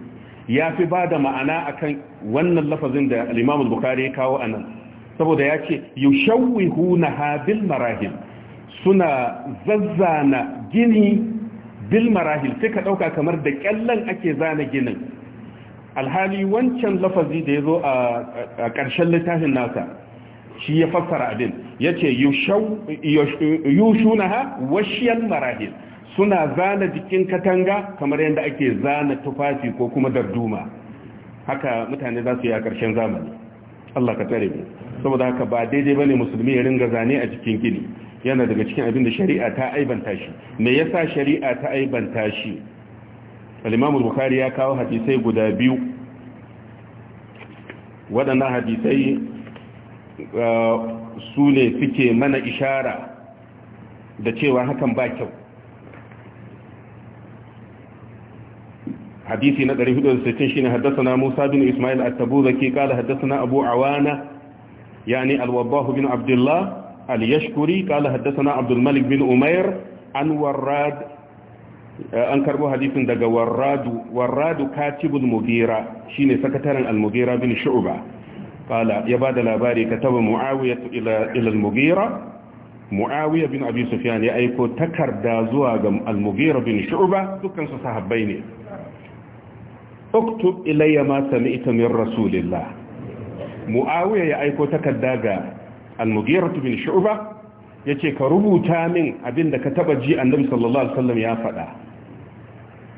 ya fi ba da ma'ana akan wannan lafazin da al-Imam Bukhari ya kawo anan saboda ya ce yushawwihu na habil marahil suna zazzana gini bil marahil sai ka ɗauka kamar da ƙyallen ake zana ginin alhali wancan lafazi da ya zo a ƙarshen littafin nasa shi ya fassara abin ya ce yushuna ha washiyan marahil suna zana jikin katanga kamar yadda ake zana tufafi ko kuma darduma haka mutane za su yi a ƙarshen zamani Allah ka tsare mu saboda haka ba daidai bane musulmi ya ringa zane a cikin gini yana daga cikin abin da shari'a ta aibanta shi me yasa shari'a ta aibanta shi al-Imam ya kawo hadisai guda biyu waɗannan hadisai uh, su ne suke mana ishara da cewa hakan ba kyau حديثي نقدر يقول ستنشين حدثنا موسى بن إسماعيل التبوذكي قال حدثنا أبو عوانة يعني الوضاه بن عبد الله اليشكري قال حدثنا عبد الملك بن أمير عن وراد آه، أنكره حديث دقى وراد وراد كاتب المغيرة شين سكتر المغيرة بن شعبة قال يباد الأباري كتب معاوية إلى, إلى المغيرة معاوية بن أبي سفيان يأيكو يعني تكر دازوها المغيرة بن شعبة دكا صحبيني uktub ilayya ma sami min rasulillah muawiya ya aiko takarda ga al bin shu'ba yace ka rubuta min abinda ka taba ji annabi sallallahu alaihi wasallam ya faɗa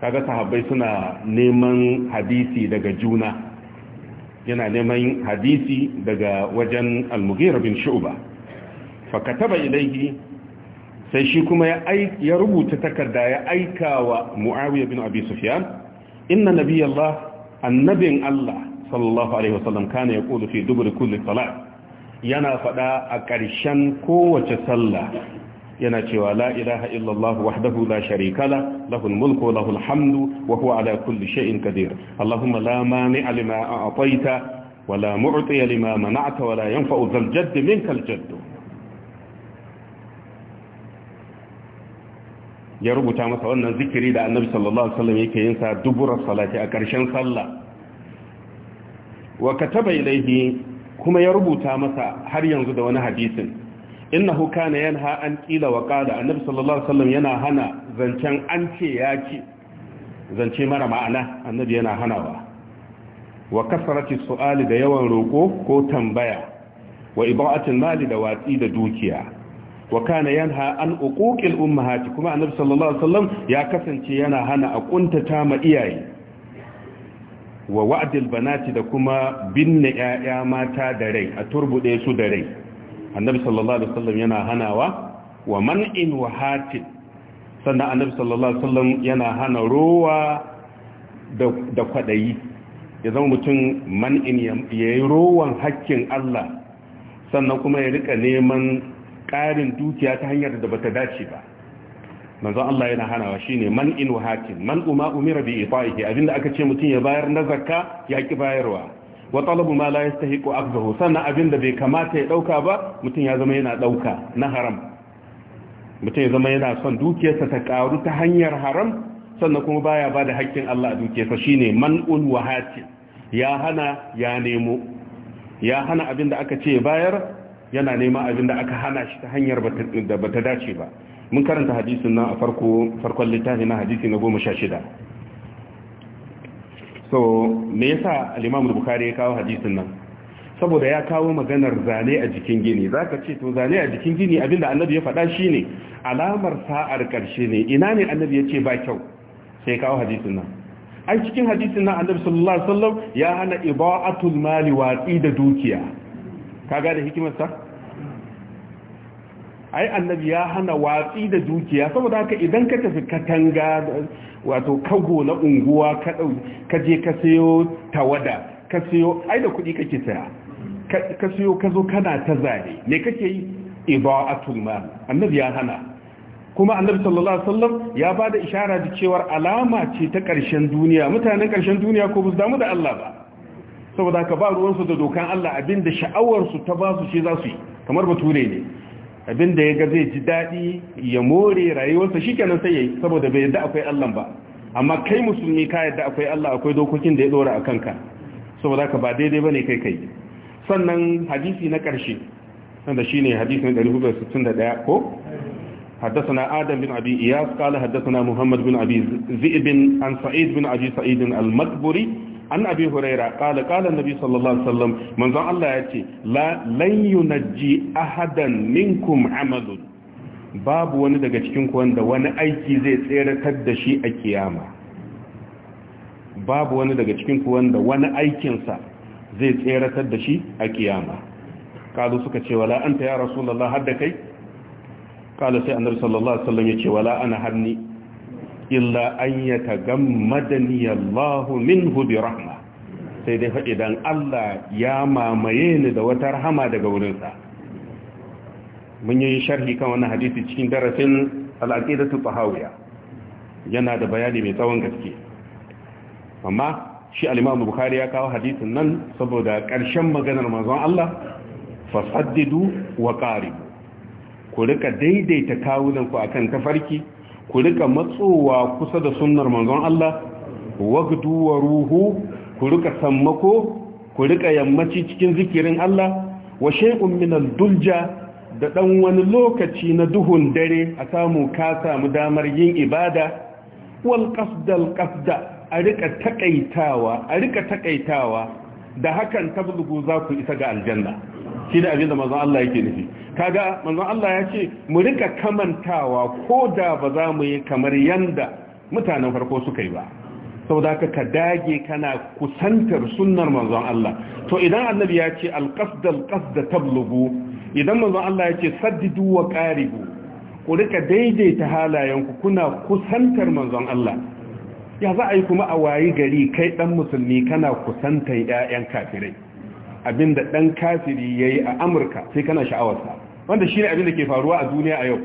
kaga sahabbai suna neman hadisi daga juna yana neman hadisi daga wajen al bin shu'ba fa kataba ilayhi sai shi kuma ya rubuta takarda ya aika wa muawiya bin abi sufyan inna nabiyallah annabin Allah sallallahu alaihi wasallam kana yaqulu fi dubur kulli salat yana fada a ƙarshen kowace sallah yana cewa la ilaha illallah wahdahu la sharika la lahul mulku lahul hamdu wa huwa ala kulli shay'in qadir allahumma la mani'a lima a'taita wa la mu'tiya lima mana'ta wa la yanfa'u dhal minkal jaddu ya rubuta masa wannan zikiri da annabi sallallahu alaihi wasallam yake yin sa dubura salati a ƙarshen sallah wa kataba ilayhi kuma ya rubuta masa har yanzu da wani hadisin innahu kana yanha an qila wa qala annabi sallallahu alaihi wasallam yana hana zancen an ce ya ce zance mara ma'ana annabi yana hanawa wa kasrati su'ali da yawan roko ko tambaya wa ibaatul mali da watsi da dukiya wa kana yanha an uquqil ummahati kuma annabi sallallahu alaihi wasallam ya kasance yana hana a kuntata ma iyaye wa wa'dil banati da kuma binne ƴaƴa mata da rai a turbude su da rai annabi sallallahu alaihi wasallam yana hanawa wa man'in wa hatin sannan annabi sallallahu alaihi wasallam yana hana rowa da kwadayi ya zama mutum man'in ya yi rowan hakkin Allah sannan kuma ya rika neman ƙarin dukiya ta hanyar da bata dace ba manzon Allah yana hanawa shine man in hakim man uma umira bi ita'ihi abinda aka ce mutum ya bayar na zakka ya ki bayarwa wa talabu ma la yastahiqu akhdhahu sannan abinda bai kamata ya dauka ba mutum ya zama yana dauka na haram mutum ya zama yana son dukiyarsa ta karu ta hanyar haram sannan kuma baya ba da haƙƙin Allah a dukiyarsa shine man wa wahati ya hana ya nemo ya hana abinda aka ce bayar yana nema abin da aka hana shi ta hanyar da bata dace ba mun karanta hadisin nan a farko farkon littafi na hadisi na goma sha shida so me yasa al-imam bukhari ya kawo hadisin nan saboda ya kawo maganar zane a jikin gini zaka ce to zane a jikin gini abinda annabi ya faɗa shine alamar sa'ar karshe ne ina ne annabi ya ce ba kyau sai kawo hadisin nan ai cikin hadisin nan annabi sallallahu alaihi wasallam ya hana ibaatul mali watsi da dukiya ka da hikimarsa ai annabi ya hana watsi da dukiya saboda haka idan ka tafi katanga wato kago na unguwa ka ka je ka sayo tawada ka sayo ai da kuɗi kake saya ka sayo ka zo kana ta zare me kake yi ibaatul mal annabi ya hana kuma annabi sallallahu alaihi wasallam ya bada ishara da cewar alama ce ta ƙarshen duniya mutanen ƙarshen duniya ko bus damu da Allah ba saboda ka ba ruwansu da dokan Allah abinda sha'awarsu ta ba su shi za su yi kamar bature ne abinda ya ga zai ji daɗi ya more rayuwarsa shi kenan sai ya yi saboda bai yadda akwai Allah ba amma kai musulmi ka yadda akwai Allah akwai dokokin da ya ɗora a kanka saboda ka ba daidai ba ne kai kai sannan hadisi na ƙarshe wanda shi ne hadisi na 461 ko حدثنا آدم بن عبي إياس قال حدثنا محمد بن عبي زئب عن سعيد بن عبي سعيد المكبري an abi huraira qala qala nabi sallallahu alaihi wasallam manzon Allah ya ce la lan yunajji ahadan minkum amalun babu wani daga cikin ku wanda wani aiki zai tseratar da shi a kiyama babu wani daga cikin ku wanda wani aikin sa zai tseratar da shi a kiyama kazo suka ce wala anta ya rasulullah hadda kai kala sai annabi sallallahu alaihi wasallam ya ce wala ana hanni illa an ya tagammadani Allahu minhu bi rahma sai dai faɗi Allah ya mamaye ni da wata rahama daga wurinsa mun yi sharhi kan wani hadisi cikin darasin al-aqidatu yana da bayani mai tsawon gaske amma shi al-imam bukhari ya kawo hadisin nan saboda ƙarshen maganar manzon Allah fasaddidu wa qaribu ku rika daidaita kawunanku akan tafarki ku rika matsowa kusa da sunnar manzon Allah waqtu wa ruhu ku rika sammako ku rika yammaci cikin zikirin Allah wa shay'un min al-dulja da dan wani lokaci na duhun dare a samu ka samu damar yin ibada wal al qasda a rika takaitawa a rika takaitawa da hakan tablugu za ku isa ga aljanna shi da abin da manzon Allah yake nufi kaga manzon Allah ya ce mu rika kamantawa ko da ba za mu yi kamar yanda mutanen farko suka yi ba saboda haka ka dage kana kusantar sunnar manzon Allah to idan annabi ya ce alqasd alqasd tablugu idan manzon Allah ya ce saddidu wa qaribu ku rika daidaita halayenku kuna kusantar manzon Allah ya za a yi kuma a wayi gari kai dan musulmi kana kusantar ƴaƴan kafirai abinda dan kafiri yayi a Amurka sai kana sha'awarsa wanda shine abinda ke faruwa a duniya a yau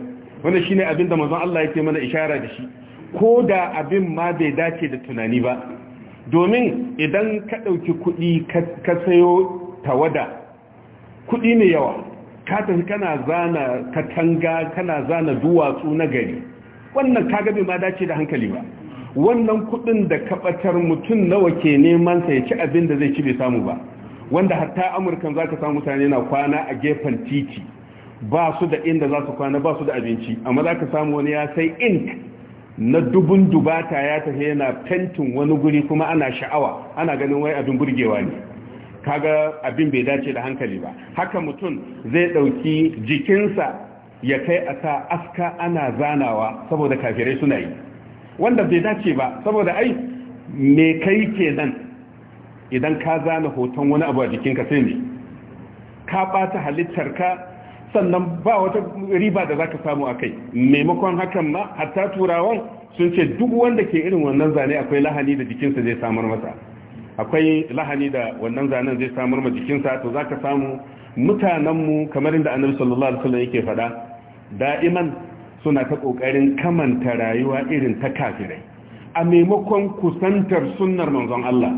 wanda abin da manzon Allah yake mana ishara da shi ko da abin ma bai dace da tunani ba domin idan ka ɗauki kuɗi ka sayo tawada kuɗi ne yawa ka tafi kana zana katanga kana zana duwatsu na gari wannan kaga bai ma dace da hankali ba wannan kuɗin da kabatar mutum nawa ke neman sa ya ci abin da zai ci bai samu ba wanda hatta amurkan za ka samu mutane na kwana a gefen titi ba su da inda za su kwana ba su da abinci amma za ka samu wani ya sai ink na dubun dubata ya tafi yana fentin wani guri kuma ana sha'awa ana ganin wai abin burgewa ne kaga abin bai dace da hankali ba haka mutum zai ɗauki jikinsa ya kai a sa aska ana zanawa saboda kafirai suna yi wanda bai dace ba saboda ai me kai kenan idan ka zana hoton wani abu a jikinka sai ne ka ɓata ka sannan ba wata riba da za ka samu a kai maimakon hakan ma hatta turawan sun ce duk wanda ke irin wannan zane akwai lahani da jikinsa zai samar masa akwai lahani da wannan zanen zai samar ma jikinsa to za ka samu mutanenmu kamar inda annabi sallallahu alaihi wasallam yake faɗa da'iman suna ta kokarin kamanta rayuwa irin ta kafirai a maimakon kusantar sunnar manzon Allah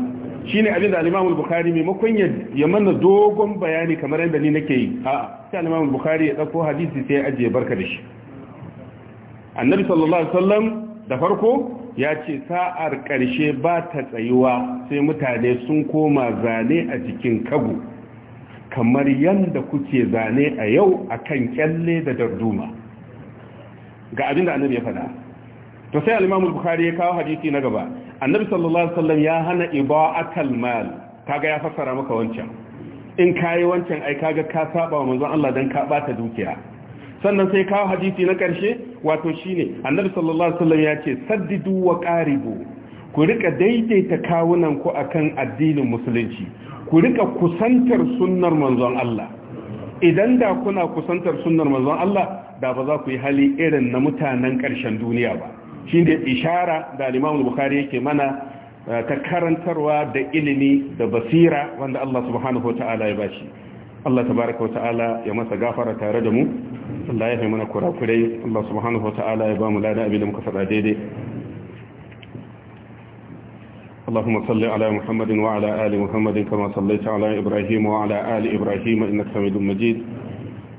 shine abin da al-Imam al-Bukhari maimakon ya mana dogon bayani kamar yadda ni nake yi a sai al-Imam bukhari ya dauko hadisi sai ya ajiye barka da shi Annabi sallallahu alaihi wasallam da farko ya ce sa'ar ƙarshe ba ta tsayuwa sai mutane sun koma zane a jikin kagu kamar yadda kuke zane a yau a kan kyalle da darduma ga abin da annabi ya faɗa to sai al-Imam al-Bukhari ya kawo hadisi na gaba annabi sallallahu alaihi wasallam ya hana iba'atal mal kaga ya fassara maka wancan in kayi wancan ai kaga ka saba wa manzon Allah dan ka bata dukiya sannan sai kawo hadisi na karshe wato shine annabi sallallahu alaihi wasallam ya ce saddidu wa qaribu ku rika daidaita kawunan ku akan addinin musulunci ku rika kusantar sunnar manzon Allah idan da kuna kusantar sunnar manzon Allah da ba za ku yi hali irin na mutanen ƙarshen duniya ba shi ne ishara da alimamu bukari yake mana eh, ta karantarwa da ilimi da basira wanda Allah subhanahu wa ta'ala ya bashi Allah tabaraka wa ta'ala ya masa gafara tare da mu Allah ya mana kurakurai Allah subhanahu wa ta'ala ya ba mu lada abin da muka faɗa daidai اللهم صل على محمد وعلى آل محمد كما صليت على إبراهيم وعلى آل إبراهيم إنك حميد مجيد